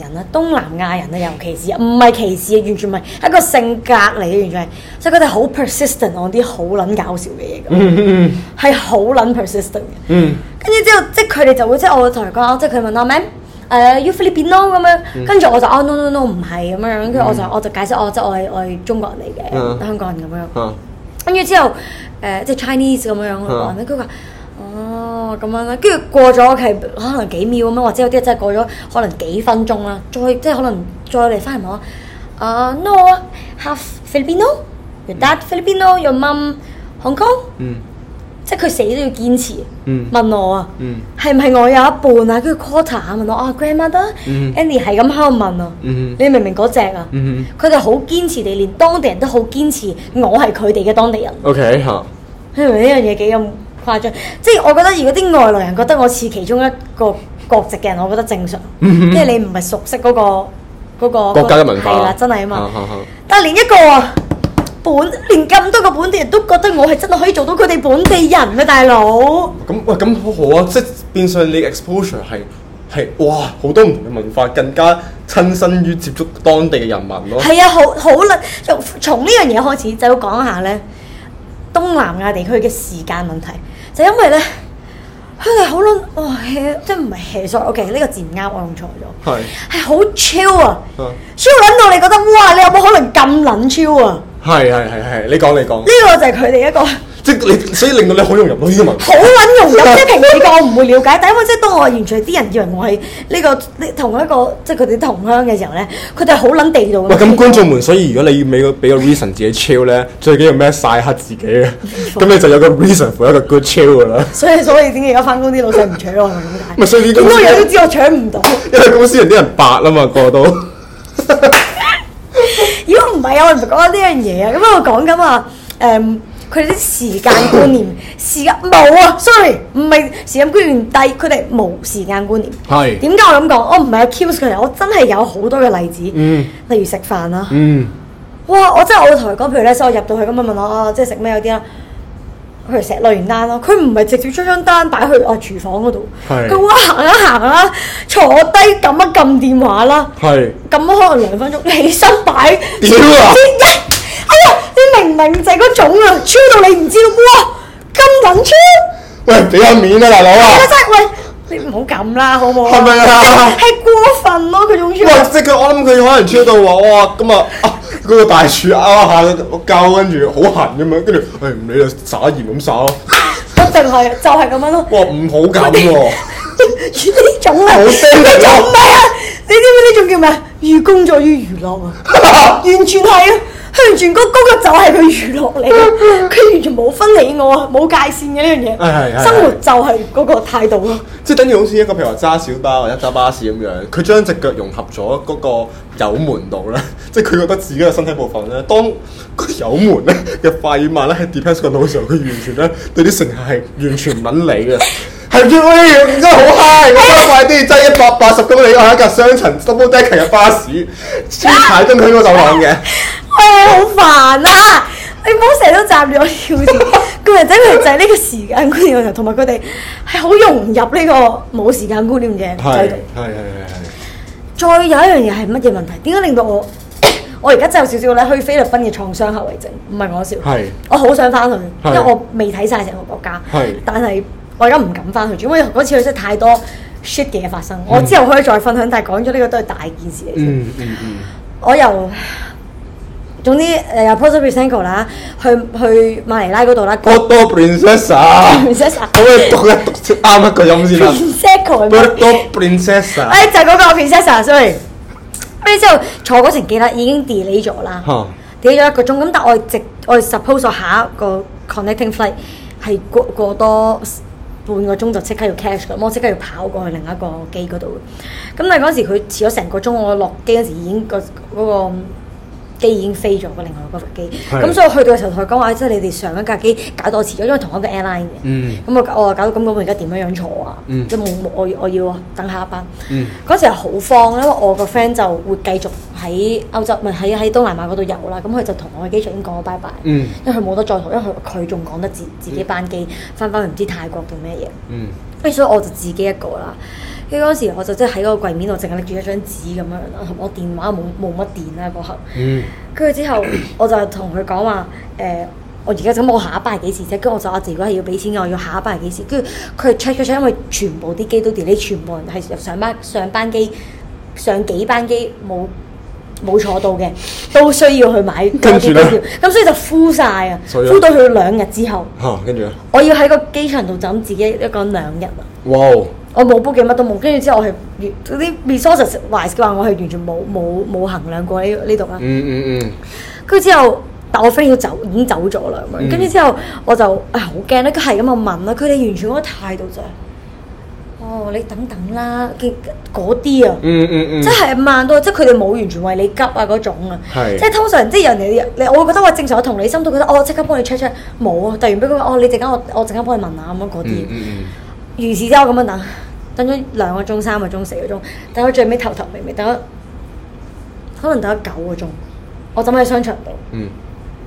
人啊，東南亞人啊，尤其是唔係歧視啊，完全唔係一個性格嚟嘅，完全係，即係佢哋好 persistent 講啲好撚搞笑嘅嘢咁，係好撚 persistent 嘅。跟、hmm. 住、mm hmm. 之後，即係佢哋就會即係我同佢講，即係佢問我：Man, uh,「Man，誒 You 菲律賓咯咁樣，跟住、mm hmm. 我就哦、oh, no no no 唔係咁樣樣，跟住我就我就解釋即我即係我係我係中國人嚟嘅、mm hmm. 香港人咁樣，跟住、mm hmm. 之後誒、呃、即係 Chinese 咁樣去講咧，佢話。哦，咁樣啦，跟住過咗係可能幾秒咁樣，或者有啲真係過咗可能幾分鐘啦，再即係可能再嚟翻嚟問我啊，no half Filipino，your dad Filipino，your mum Hong Kong，嗯、即係佢死都要堅持、嗯、問我啊，係唔係我有一半啊？跟住 quarter 問我啊，grandmother，Annie 係咁敲問啊，嗯、哼你明唔明嗰隻啊？佢哋好堅持地，連當地人都好堅持，我係佢哋嘅當地人。OK 嚇好，呢樣嘢幾咁誇張，即係我覺得，如果啲外來人覺得我似其中一個國籍嘅人，我覺得正常，即係 你唔係熟悉嗰、嗰個嗰、嗰個、國家嘅文化，係啦，真係啊嘛。 但係連一個本連咁多個本地人都覺得我係真係可以做到佢哋本地人嘅大佬。咁喂、嗯，咁、嗯嗯嗯、好好啊，即係變相你 exposure 係係哇，好多唔同嘅文化，更加親身於接觸當地嘅人民咯。係啊，好好啦，由從呢樣嘢開始就要講下咧，東南亞地區嘅時間問題。就因為咧，佢哋好撚，哦即係唔係 hea，OK，呢個字唔啱，我用錯咗，係係好超啊，超撚、啊、到你覺得，哇！你有冇可能咁撚超啊？係係係係，你講你講，呢個就係佢哋一個。即你，所以令到你好容易入到呢啲嘛，好撚容易。平時我唔會了解， 但因為即係當我完全啲人以為我係呢、呢個，同一個即係佢哋同鄉嘅時候咧，佢哋好撚地道。咁觀眾們，所以如果你要俾個 reason 自己 chill 咧，最緊要咩曬黑自己嘅，咁 你就有一個 reason，有個 good chill 噶啦。所以 所以點解而家返工啲老細唔搶我係點解？咁我人都知我搶唔到，因為公司人啲人白啦嘛，個都。 如果唔係啊，我唔係講呢樣嘢啊。咁我講緊話，誒、嗯。佢哋啲時間觀念，時間冇啊，sorry，唔係時間觀念低，佢哋冇時間觀念。係點解我咁講？我唔係有 accuse 佢哋，我真係有好多嘅例子。嗯，例如食飯啦、啊。嗯，哇！我真係我同佢講，譬如咧，所以我入到去咁咪問我、啊、即係食咩嗰啲啦。佢成摞完單咯、啊，佢唔係直接將張單擺去我廚房嗰度。佢會行一行啦、啊，坐低撳一撳電話啦、啊。係撳是可能兩分鐘，起身擺。明仔嗰種啊，超到你唔知，咁撚超。喂，俾下面啊，大佬啊！得得得，喂，你唔好咁啦，好唔好？係咪啊？係過分咯，佢仲要！即係佢，我諗佢可能超到話，哇咁啊，嗰個大樹勾下個膠，跟住好痕咁樣，跟住誒唔理啦，撒鹽咁撒咯。一定係，就係咁樣咯。哇，唔好咁喎。呢種你你仲咩啊？你知唔知呢種叫咩？ 寓工作於娛樂啊， 完全係啊！完全高高、那個，就係佢娛樂嚟，佢 完全冇分理我冇界線嘅呢樣嘢。係係、哎、呀生活就係嗰個態度咯。即係等於好似一個譬如話揸小巴或者揸巴士咁樣，佢將隻腳融合咗嗰個油門度咧，即係佢覺得自己嘅身體部分咧，當油門咧嘅快慢咧係 depends 個路嘅時候，佢完全咧對啲乘客係完全唔理嘅。 哇！ 真係好 high，我揸快啲，揸一百八十公里，我喺架雙層 double decker 嘅巴士，超踩都唔起嗰隻眼嘅。哎、 哦、好煩啊！你唔好成日都攬住我腰先。個人仔佢就係呢個時間觀念，同埋佢哋係好融入呢個冇時間觀念嘅制度。係係係係。再有一樣嘢係乜嘢問題？點解令到我我而家真有少少咧去菲律賓嘅創傷後遺症？唔係我笑。係是。我好想翻去，因為我未睇晒成個國家。係是。是但係。我而家唔敢翻去，因為嗰次佢真係太多 shit 嘅嘢發生。嗯、我之後可以再分享，但係講咗呢個都係大件事嚟、嗯。嗯，嗯我又總之誒，有 proposal 啦，去去馬尼拉嗰度啦。好多 princess，我係讀一讀啱 Poto 個音先啦。好多 princess， 哎、就係、是、嗰、那個 princess sorry。跟住之後坐嗰程幾粒已經 delay 咗啦，delay 咗一個鐘。咁但係我直我 suppose 下一個 connecting flight 係過過多半個鐘就即刻要 cash 嘅，我即刻要跑過去另一個機嗰度。咁但係嗰時佢遲咗成個鐘，我落機嗰時已經個、那、嗰個。機已經飛咗個另外一個機，咁的、嗯嗯、所以我去到嘅時候同佢講話，即、哎、係、就是、你哋上一架機搞到我遲咗，因為同一個 airline 嘅，咁我我搞到咁，我而家點樣樣坐啊？即冇、嗯、我我要，我要等下一班。嗰、嗯、時好慌，因為我個 friend 就會繼續喺歐洲，咪喺喺東南亞嗰度遊啦。咁佢就同我嘅機長已經講咗拜拜，嗯、因為佢冇得再同，因為佢仲講得自自己班機翻翻唔知泰國定咩嘢。咁、嗯、所以我就自己一個啦。跟住嗰時，我就即係喺嗰個櫃面度，淨係拎住一張紙咁樣，我電話冇冇乜電啦嗰、那個、刻。跟住、嗯、之後我、呃，我就同佢講話誒，我而家諗冇下一班係幾時啫？跟住我就話，我如果係要俾錢嘅，我要下一班係幾時？跟住佢 check check，因為全部啲機都 delay，全部人係上班上班機上幾班機冇。冇坐到嘅，都需要去買，跟住咧，咁所以就敷晒啊，以敷到去兩日之後，嚇跟住咧，我要喺個機場度就自己一個兩日啊，哇！我冇 book 嘅乜都冇，跟住之後我係嗰啲 resources wise 嘅話，我係完全冇冇冇衡量過呢呢度啊，嗯嗯嗯，跟住之後，但我 friend 要走已經走咗啦，咁跟住之後我就啊好驚咧，佢係咁啊問啊，佢哋完全嗰個態度就係。你等等啦，嗰啲啊，即係、嗯嗯嗯、慢到，嗯、即係佢哋冇完全為你急啊嗰種啊是，即係通常即係人哋，你我會覺得我正常，我同你心都覺得哦，即刻幫你 check check，冇啊，突然畀佢哦，你陣間我我陣間幫你問下咁樣嗰啲。於、嗯嗯嗯、是之後咁樣等，等咗兩個鐘、三個鐘、四個鐘，等咗最尾頭頭尾尾，等咗，可能等咗九個鐘，我等喺商場度。嗯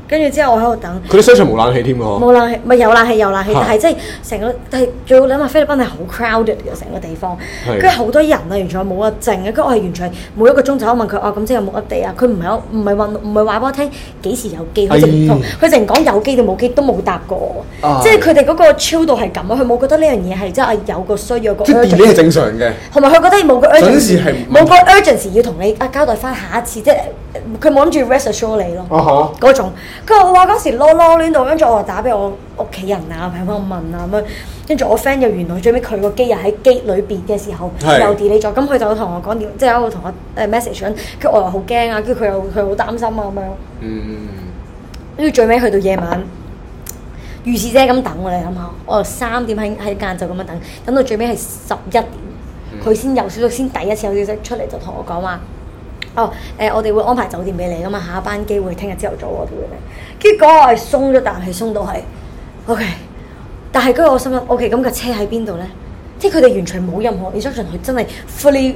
跟住之後，我喺度等。佢啲身上冇冷氣添㗎嗬。冇冷氣，咪有冷氣有冷氣，但係即係成個，但係最好諗下菲律賓係好 crowded 嘅成個地方，跟住好多人啊，完全冇一靜。跟住我係完全每一個鐘頭我問佢啊，咁即有冇一地啊？佢唔係我唔係問唔係話俾我聽幾時有機，好似唔同。佢淨講有機定冇機都冇答過，即係佢哋嗰個超度係咁啊！佢冇覺得呢樣嘢係即係有個需要個。即係 delay 係正常嘅。同埋佢覺得冇個 urgency 冇個 urgency 要同你啊交代翻下一次即係。佢冇諗住 reschedule 你咯，嗰、oh, ha. 種。跟住我話嗰時囉囉攣到，跟住我就打俾我屋企人啊，喺度問啊咁樣。跟住我 friend 又原來最尾佢個機又喺機裏邊嘅時候是又 delete 咗，咁佢就同我講點，即係喺度同我 message 緊。跟住我又好驚啊，跟住佢又佢好擔心啊咁樣。嗯、mm。跟、hmm. 住最尾去到夜晚，如是者咁等我，哋。諗下，我三點喺喺晏晝就咁樣等，等到最尾係十一點，佢先、mm hmm. 有少少，先第一次有消息出嚟就同我講話。哦，誒、呃，我哋會安排酒店俾你噶嘛。下一班機會，聽日朝頭早我哋會俾。結果我鬆咗啖氣，鬆到係 OK。但係嗰個我心諗 OK 咁嘅車喺邊度咧？即係佢哋完全冇任何，而且仲係真係 fully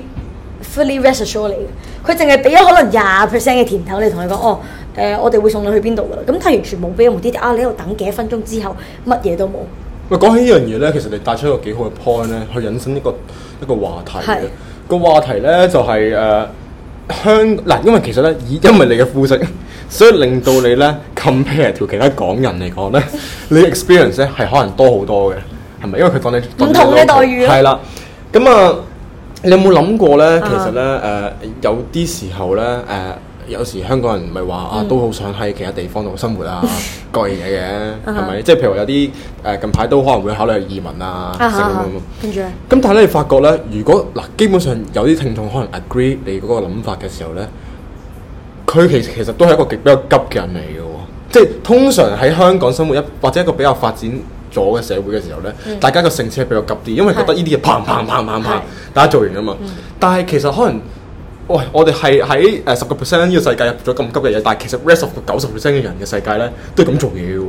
fully residual 嚟嘅。佢淨係俾咗可能廿 percent 嘅甜頭你同你講，哦，誒、呃，我哋會送你去邊度噶啦。咁佢完全冇俾我哋啲啲啊，你喺度等幾分鐘之後，乜嘢都冇。喂，講起呢樣嘢咧，其實你帶出一個幾好嘅 point 咧，去引申一個一個話題嘅個是話題咧，就係、是、誒。Uh, 香嗱，因為其實咧，以因為你嘅膚色，所以令到你咧 compare 條其他港人嚟講咧，你 experience 咧係可能多好多嘅，係咪？因為佢當你唔同嘅待遇啊。係啦，咁啊，你有冇諗過咧？其實咧，誒、呃、有啲時候咧，誒、呃。有時香港人唔係話啊，都好想喺其他地方度生活啊，各樣嘢嘅，係咪？即係譬如有啲誒近排都可能會考慮移民啊，咁但係你發覺呢，如果嗱基本上有啲聽眾可能 agree 你嗰個諗法嘅時候呢，佢其實其實都係一個極比較急嘅人嚟嘅喎。即係通常喺香港生活一或者一個比較發展咗嘅社會嘅時候呢，大家個性質係比較急啲，因為覺得呢啲嘢砰砰砰砰砰，大家做完啊嘛。但係其實可能。喂，我哋係喺誒十個 percent 呢個世界入咗咁急嘅嘢，但係其實 rest of 九十 percent 嘅人嘅世界咧都係咁做嘢嘅喎。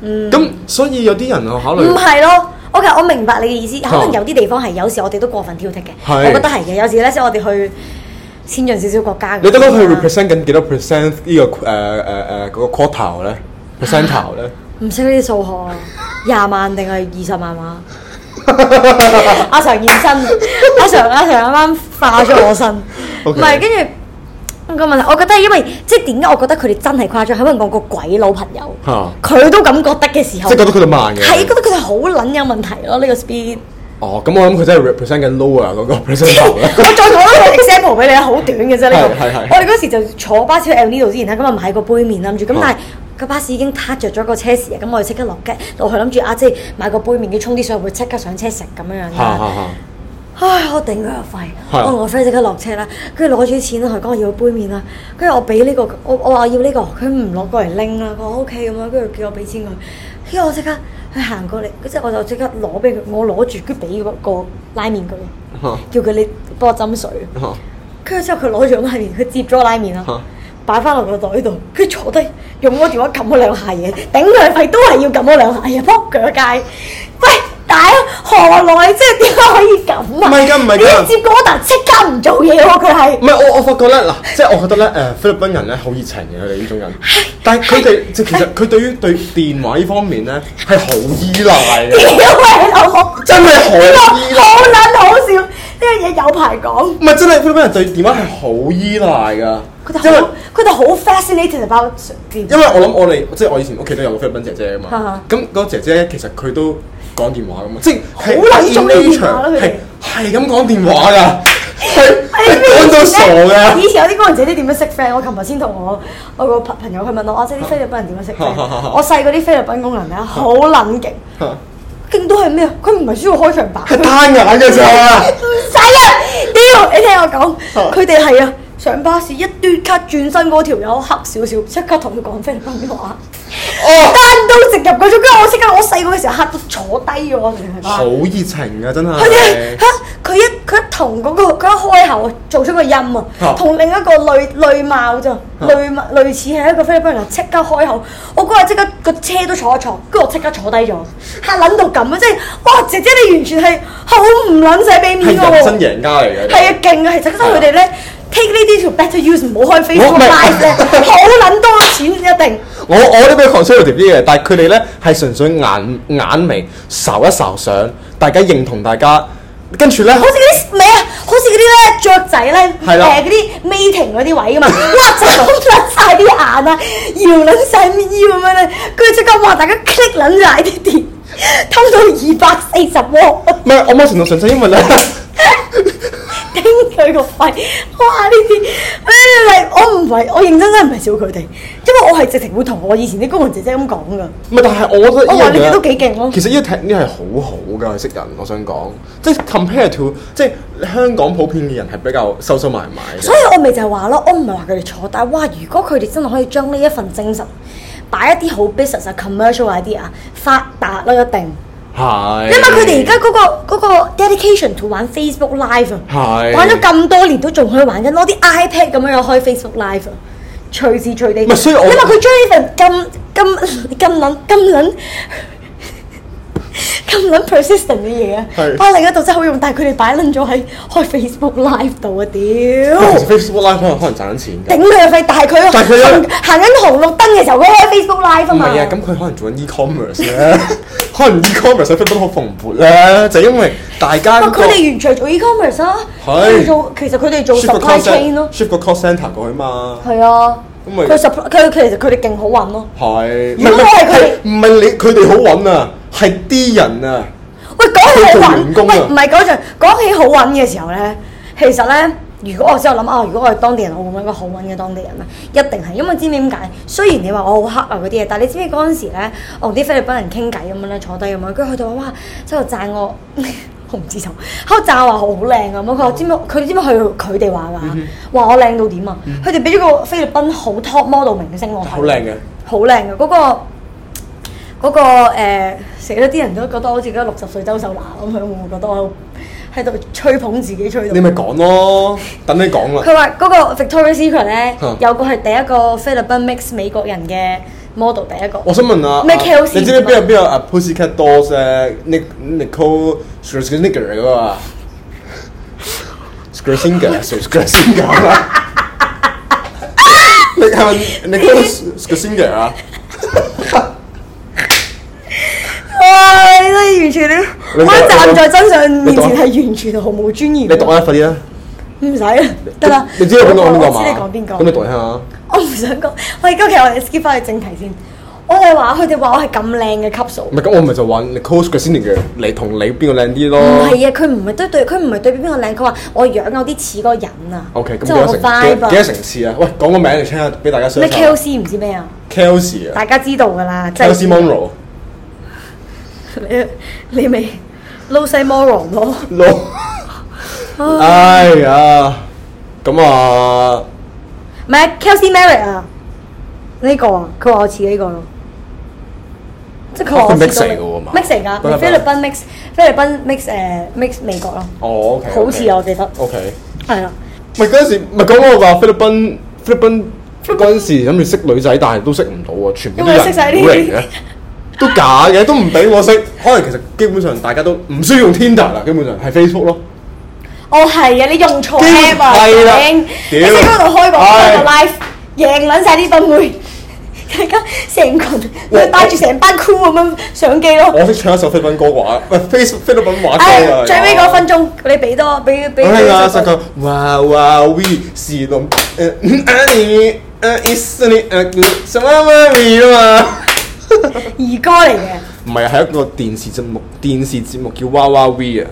嗯。咁所以有啲人我考慮。唔係咯，OK，我明白你嘅意思。啊、可能有啲地方係有時我哋都過分挑剔嘅。啊、我覺得係嘅，有時咧即係我哋去先進少少國家。你得佢 represent 緊幾多，這個、uh, uh, uh, 呢 percent 呢個誒誒誒嗰個 quarter 咧？percent 咧？唔識呢啲數學啊？廿萬定係二十萬啊？阿常、 啊、現身，阿常阿常啱啱化咗我身，唔係，跟住個問題，我覺得因為即係點解我覺得佢哋真係誇張，可能為我個鬼佬朋友，佢、啊、都咁覺得嘅時候，即係覺得佢哋慢嘅，係覺得佢哋好撚有問題咯。呢、啊、個 speed，哦，咁、嗯、我諗佢真係 represent 緊 low 啊嗰個 represent，我再攞個 example 俾你啊，好短嘅啫呢個， 我哋嗰時就坐巴士去 L 呢度之前咧，咁啊買個杯麪啦，諗住，咁但係。個巴士已經撻着咗個車匙啊！咁我就即刻落街落去，諗住阿姐買個杯麪，要沖啲水，會即刻上車食咁樣樣 唉，我頂佢個肺。 我我飛即刻落車啦，跟住攞住啲錢啦，佢講我要杯麪啦。跟住我俾呢個我我話要呢個，佢唔攞過嚟拎啦。佢話 O K 咁樣，跟住叫我俾錢佢。之後我即刻去行過嚟，跟住我就即刻攞俾佢，我攞住佢俾個拉麪佢。叫佢你幫我斟水。跟住之後佢攞住拉麪，佢接咗拉麪啦，擺翻落個袋度，佢坐低。用我電話撳我兩下嘢，頂兩肺都係要撳我兩下嘅，仆街！喂，大佬，何來即係點解可以撳啊？唔係而家唔係你接過嗰陣即刻唔做嘢喎、啊，佢係。唔係我我發覺咧嗱，即係我覺得咧誒、呃、菲律賓人咧好熱情嘅，佢哋呢種人。啊、但係佢哋即其實佢對於、啊、對於電話呢方面咧係好依賴嘅。屌你老母！真係好依好卵好笑，呢、呢個嘢有排講。唔係，真係菲律賓人對電話係好依賴㗎。佢哋好，佢哋好 fascinated about 電話。因為我諗我哋，即係我以前屋企都有個菲律賓姐姐啊嘛。咁嗰個姐姐其實佢都講電話咁啊，即係好冷靜嘅電話係咁講電話噶，係講到傻噶。以前有啲工人姐姐點樣識 friend？我琴日先同我我個朋友佢問我，我哋啲菲律賓人點樣識？我細嗰啲菲律賓工人咧，好冷靜，勁到係咩啊？佢唔係需要開場白，係單眼嘅時候。唔使啊！屌，你聽我講，佢哋係啊。上巴士一端，刻轉身嗰條友黑少少，即刻同佢講菲律賓話，單刀直入嗰種。跟住我即刻，我細個嘅時候嚇到坐低咗，成日話好熱情啊！真係佢一佢一同嗰個佢一開口做出個音啊，同另一個類類貌啫，類物似係一個菲律賓人，即刻開口。我嗰日即刻個車都坐一坐，跟住我即刻坐低咗，嚇撚到咁啊！即係哇，姐姐你完全係好唔撚使俾面喎，係人生贏家嚟嘅，係啊，勁啊，係真真佢哋咧。take 呢啲 to better use 唔好開 Facebook live 咧，好撚多錢一定。我我都俾佢 control 啲嘅，但係佢哋咧係純粹眼眼眉睄一睄相，大家認同大家，跟住咧好似嗰啲，咩啊，好似嗰啲咧雀仔咧誒嗰啲 meeting 嗰啲位啊嘛，哇！真係甩晒啲眼啊，搖撚曬咩腰咁樣咧，佢即刻話大家 click 撚嚟啲貼，偷到二百四十喎。唔係我冇純粹純粹因為咧。頂佢個肺！哇，呢啲，嚟，我唔係，我認真真唔係笑佢哋，因為我係直情會同我以前啲工人姐姐咁講噶。唔係，但係我話你哋都幾勁咯。其實呢一呢係好好噶識人，我想講，即係 compare to，即係香港普遍嘅人係比較收收埋埋。所以我咪就係話咯，我唔係話佢哋錯，但係哇，如果佢哋真係可以將呢一份精神擺一啲好，business、commercial idea 啲啊，發達咯一定。係，是因為佢哋而家嗰個嗰個 dedication to 玩 Facebook Live 啊是，玩咗咁多年都仲可以玩緊，攞啲 iPad 咁樣樣開 Facebook Live 啊，隨時隨地。唔係，所以我因為佢將呢份咁咁咁撚咁撚。咁諗 persistent 嘅嘢啊，係哦是、啊、另一度真係好用，但係佢哋擺捻咗喺開 facebook live 度啊，屌、欸、facebook live 可能可能賺緊錢嘅頂佢個肺，但係佢但係佢行緊紅綠燈嘅時候佢開 facebook live 啊嘛，係啊咁 佢可能做緊 ecommerce 咧，可能 ecommerce 都好蓬勃咧、啊、就係、是、因為大家佢、那、哋、個、完全做 ecommerce 啊，係是做，其實佢哋做咯 ship 個，個 call center 過去，嘛 center 過去嘛，啊嘛係啊。咁佢其實佢哋勁好揾咯，係唔係？唔係你佢哋好揾啊，係啲人啊。喂，講好揾唔係唔係講著起好揾嘅時候咧，其實咧，如果我之後諗啊，如果我係當地人，我會唔會揾一個好揾嘅當地人咧，一定係，因為知唔知點解？雖然你話我好黑啊嗰啲嘢，但係你知唔知嗰陣時咧，我同啲菲律賓人傾偈咁樣咧，坐低咁樣，佢哋話哇，喺度讚我。 同志就喺度讚話好靚啊！咁佢話知唔佢知唔知佢哋話噶嚇？話 我靚到點啊？佢哋俾咗個菲律賓好 top model 明星我。睇，好靚嘅。好靚嘅嗰個嗰、嗰個誒，成日啲人都覺得好似而家六十歲周秀娜咁樣，會唔會覺得我喺度吹捧自己吹到。你咪講咯，等你講啊。佢話嗰個 Victoria Secret 咧 有個係第一個菲律賓 mix 美國人嘅 model 第一個。 我想問啊，咩你知唔知邊有邊有誰 doors，啊？Pussycat Dolls，Nicole。 說佢個性格，說佢性格，說佢性格啦！哈哈哈！哈哈哈哈哈！咩啊？咩個個性格啊？哇！你都完全你，你站在真相面前係完全毫無尊嚴。你讀啊，快啲啊！唔使啦，得啦。你知道我講邊個嘛？咁你讀下。我唔想講，喂！今日我哋 skip 翻去正題先。我哋話佢哋話我係咁靚嘅級數，唔係咁我咪就話 Kelsey 嘅你同你邊個靚啲咯？唔係啊，佢唔係對對佢唔係對比邊個靚，佢話我樣有啲似嗰個人啊，OK，咁 vibe 幾多成似啊，啊？喂，講個名嚟聽下，俾大家看看。咩 Kelsey 唔知咩啊？Kelsey 啊、嗯，大家知道㗎啦，Kelsey LC Monroe。你你咪 Lowsey Monroe 咯？哎、啊、 呀，咁啊，咩 Kelsey Mary 啊？呢個啊，佢、這、話、個、我似呢個咯。即佢學識到 mix 嘅，mix 嘅，菲律賓 mix，菲律賓 mix，誒 mix 美國咯。哦，好似我記得。OK。係啊。咪嗰陣時咪講過話菲律賓，菲律賓嗰陣時諗住識女仔，但係都識唔到喎，全部都係冇嚟嘅，都假嘅，都唔俾我識。可能其實基本上大家都唔需要用 Tinder 啦，基本上係 Facebook 咯。哦，係啊，你用錯 Apps 啊，頂！喺嗰度開個 Facebook Live，贏撚曬啲粉妹。大家成群，帶住成班 crew 咁樣上機咯。我識唱一首菲律賓歌嘅話，唔菲律菲律賓話。又最尾嗰分鐘， 你俾多俾俾。哎呀，嗰個哇哇 We 是懂誒愛你誒，以色列誒什麼什麼兒歌嚟嘅？唔 係， 係一個電視節目，電視節目叫哇哇 We 啊。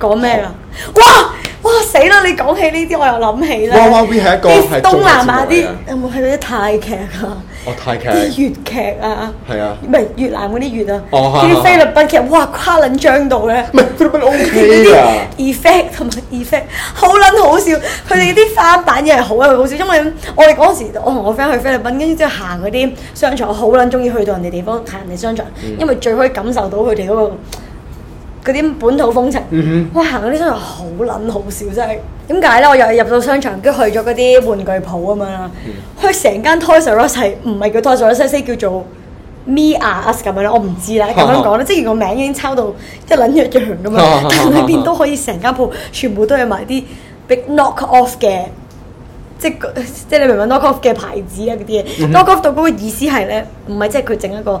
講咩啊？哇哇死啦！你講起呢啲，我又諗起啦。哇哇 We 係一個係東南亞啲有冇睇嗰啲泰劇啊？哦、泰劇，啲粵劇啊，係啊，唔係越南嗰啲越啊，啲、哦、菲律賓劇，哇，誇撚張到咧，唔係菲律賓 OK 㗎，effect 同埋 effect，好撚好笑，佢哋啲翻版嘢係好有好笑，因為我哋嗰陣時，我同我 friend 去菲律賓，跟住之後行嗰啲商場，好撚中意去到人哋地方睇人哋商場，嗯、因為最可以感受到佢哋嗰個。嗰啲本土風情，嗯、哼哇行嗰啲商場好撚好少真係，點解咧？我又入到商場，跟住去咗嗰啲玩具鋪咁樣啦，佢成、嗯、間 Toys R Us 唔係叫 Toys R Us，係叫做 Me and Us 咁樣啦，我唔知啦，咁樣講咧，即係個名已經抄到即一撚一樣咁樣，呵呵，但係裏邊都可以成間鋪全部都係埋啲 Big knock off 嘅，即係即係你明唔明 knock off 嘅牌子啊嗰啲嘢？knock off 到嗰個意思係咧，唔係即係佢整一個。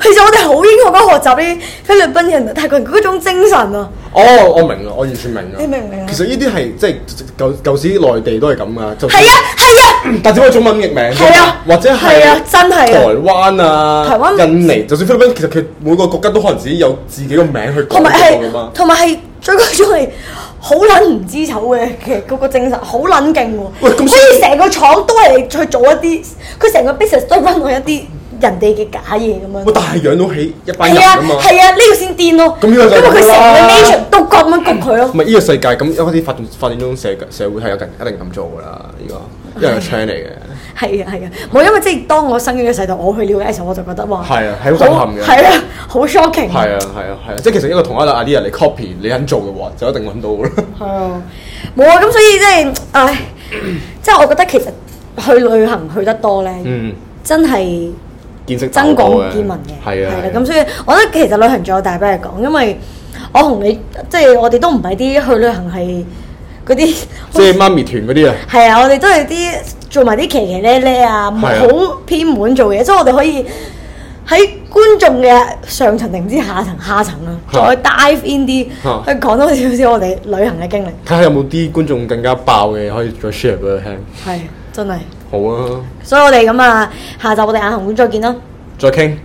其實我哋好應該學習啲菲律賓人，泰國人嗰種精神啊！哦，我明啦，我完全明啦。你明唔明啊？其實呢啲係即係舊舊時內地都係咁噶，就係啊，係啊。但點解中文譯名？係啊，或者係、係啊，真係、台灣啊，台灣、印尼，就算菲律賓，其實佢每個國家都可能自己有自己嘅名去講呢個噶嘛。同埋係，同埋係，最嗰種係好撚唔知醜嘅，其實嗰個精神好撚勁喎，所以成個廠都係去做一啲，佢成個 business 都温我一啲，人哋嘅假嘢咁樣，但係養到起一班人啊嘛，係啊，呢個先癲咯，因為佢成個 nature 都咁樣焗佢咯。唔係呢個世界咁一開始發發展中社社會係有一定一定咁做噶啦。呢個一樣係 channel 嚟嘅，係啊，係啊，冇因為即係當我生於呢個世代，我去了解嘅時候，我就覺得哇，係啊，係好震撼嘅，係啊好 shocking，係啊，係啊，係啊，即係其實一個同一個 idea 你 copy 你肯做嘅話，就一定揾到嘅啦。係啊，冇啊咁，所以即係唉，即係我覺得其實去旅行去得多咧，真係。增廣見聞嘅，係啦，咁所以我覺得其實旅行仲有大把嘢講，因為我同你，即係我哋都唔係啲去旅行係嗰啲即係媽咪團嗰啲啊。係啊，我哋都係啲做埋啲騎騎咧咧啊，唔好偏門做嘢，所以我哋可以喺觀眾嘅上層定唔知下層下層啊，再 dive in 啲去講多少少我哋旅行嘅經歷。睇下有冇啲觀眾更加爆嘅可以再 share 俾佢聽。係真係。好啊，所以我哋咁啊，下晝我哋眼紅會再見啦，再傾。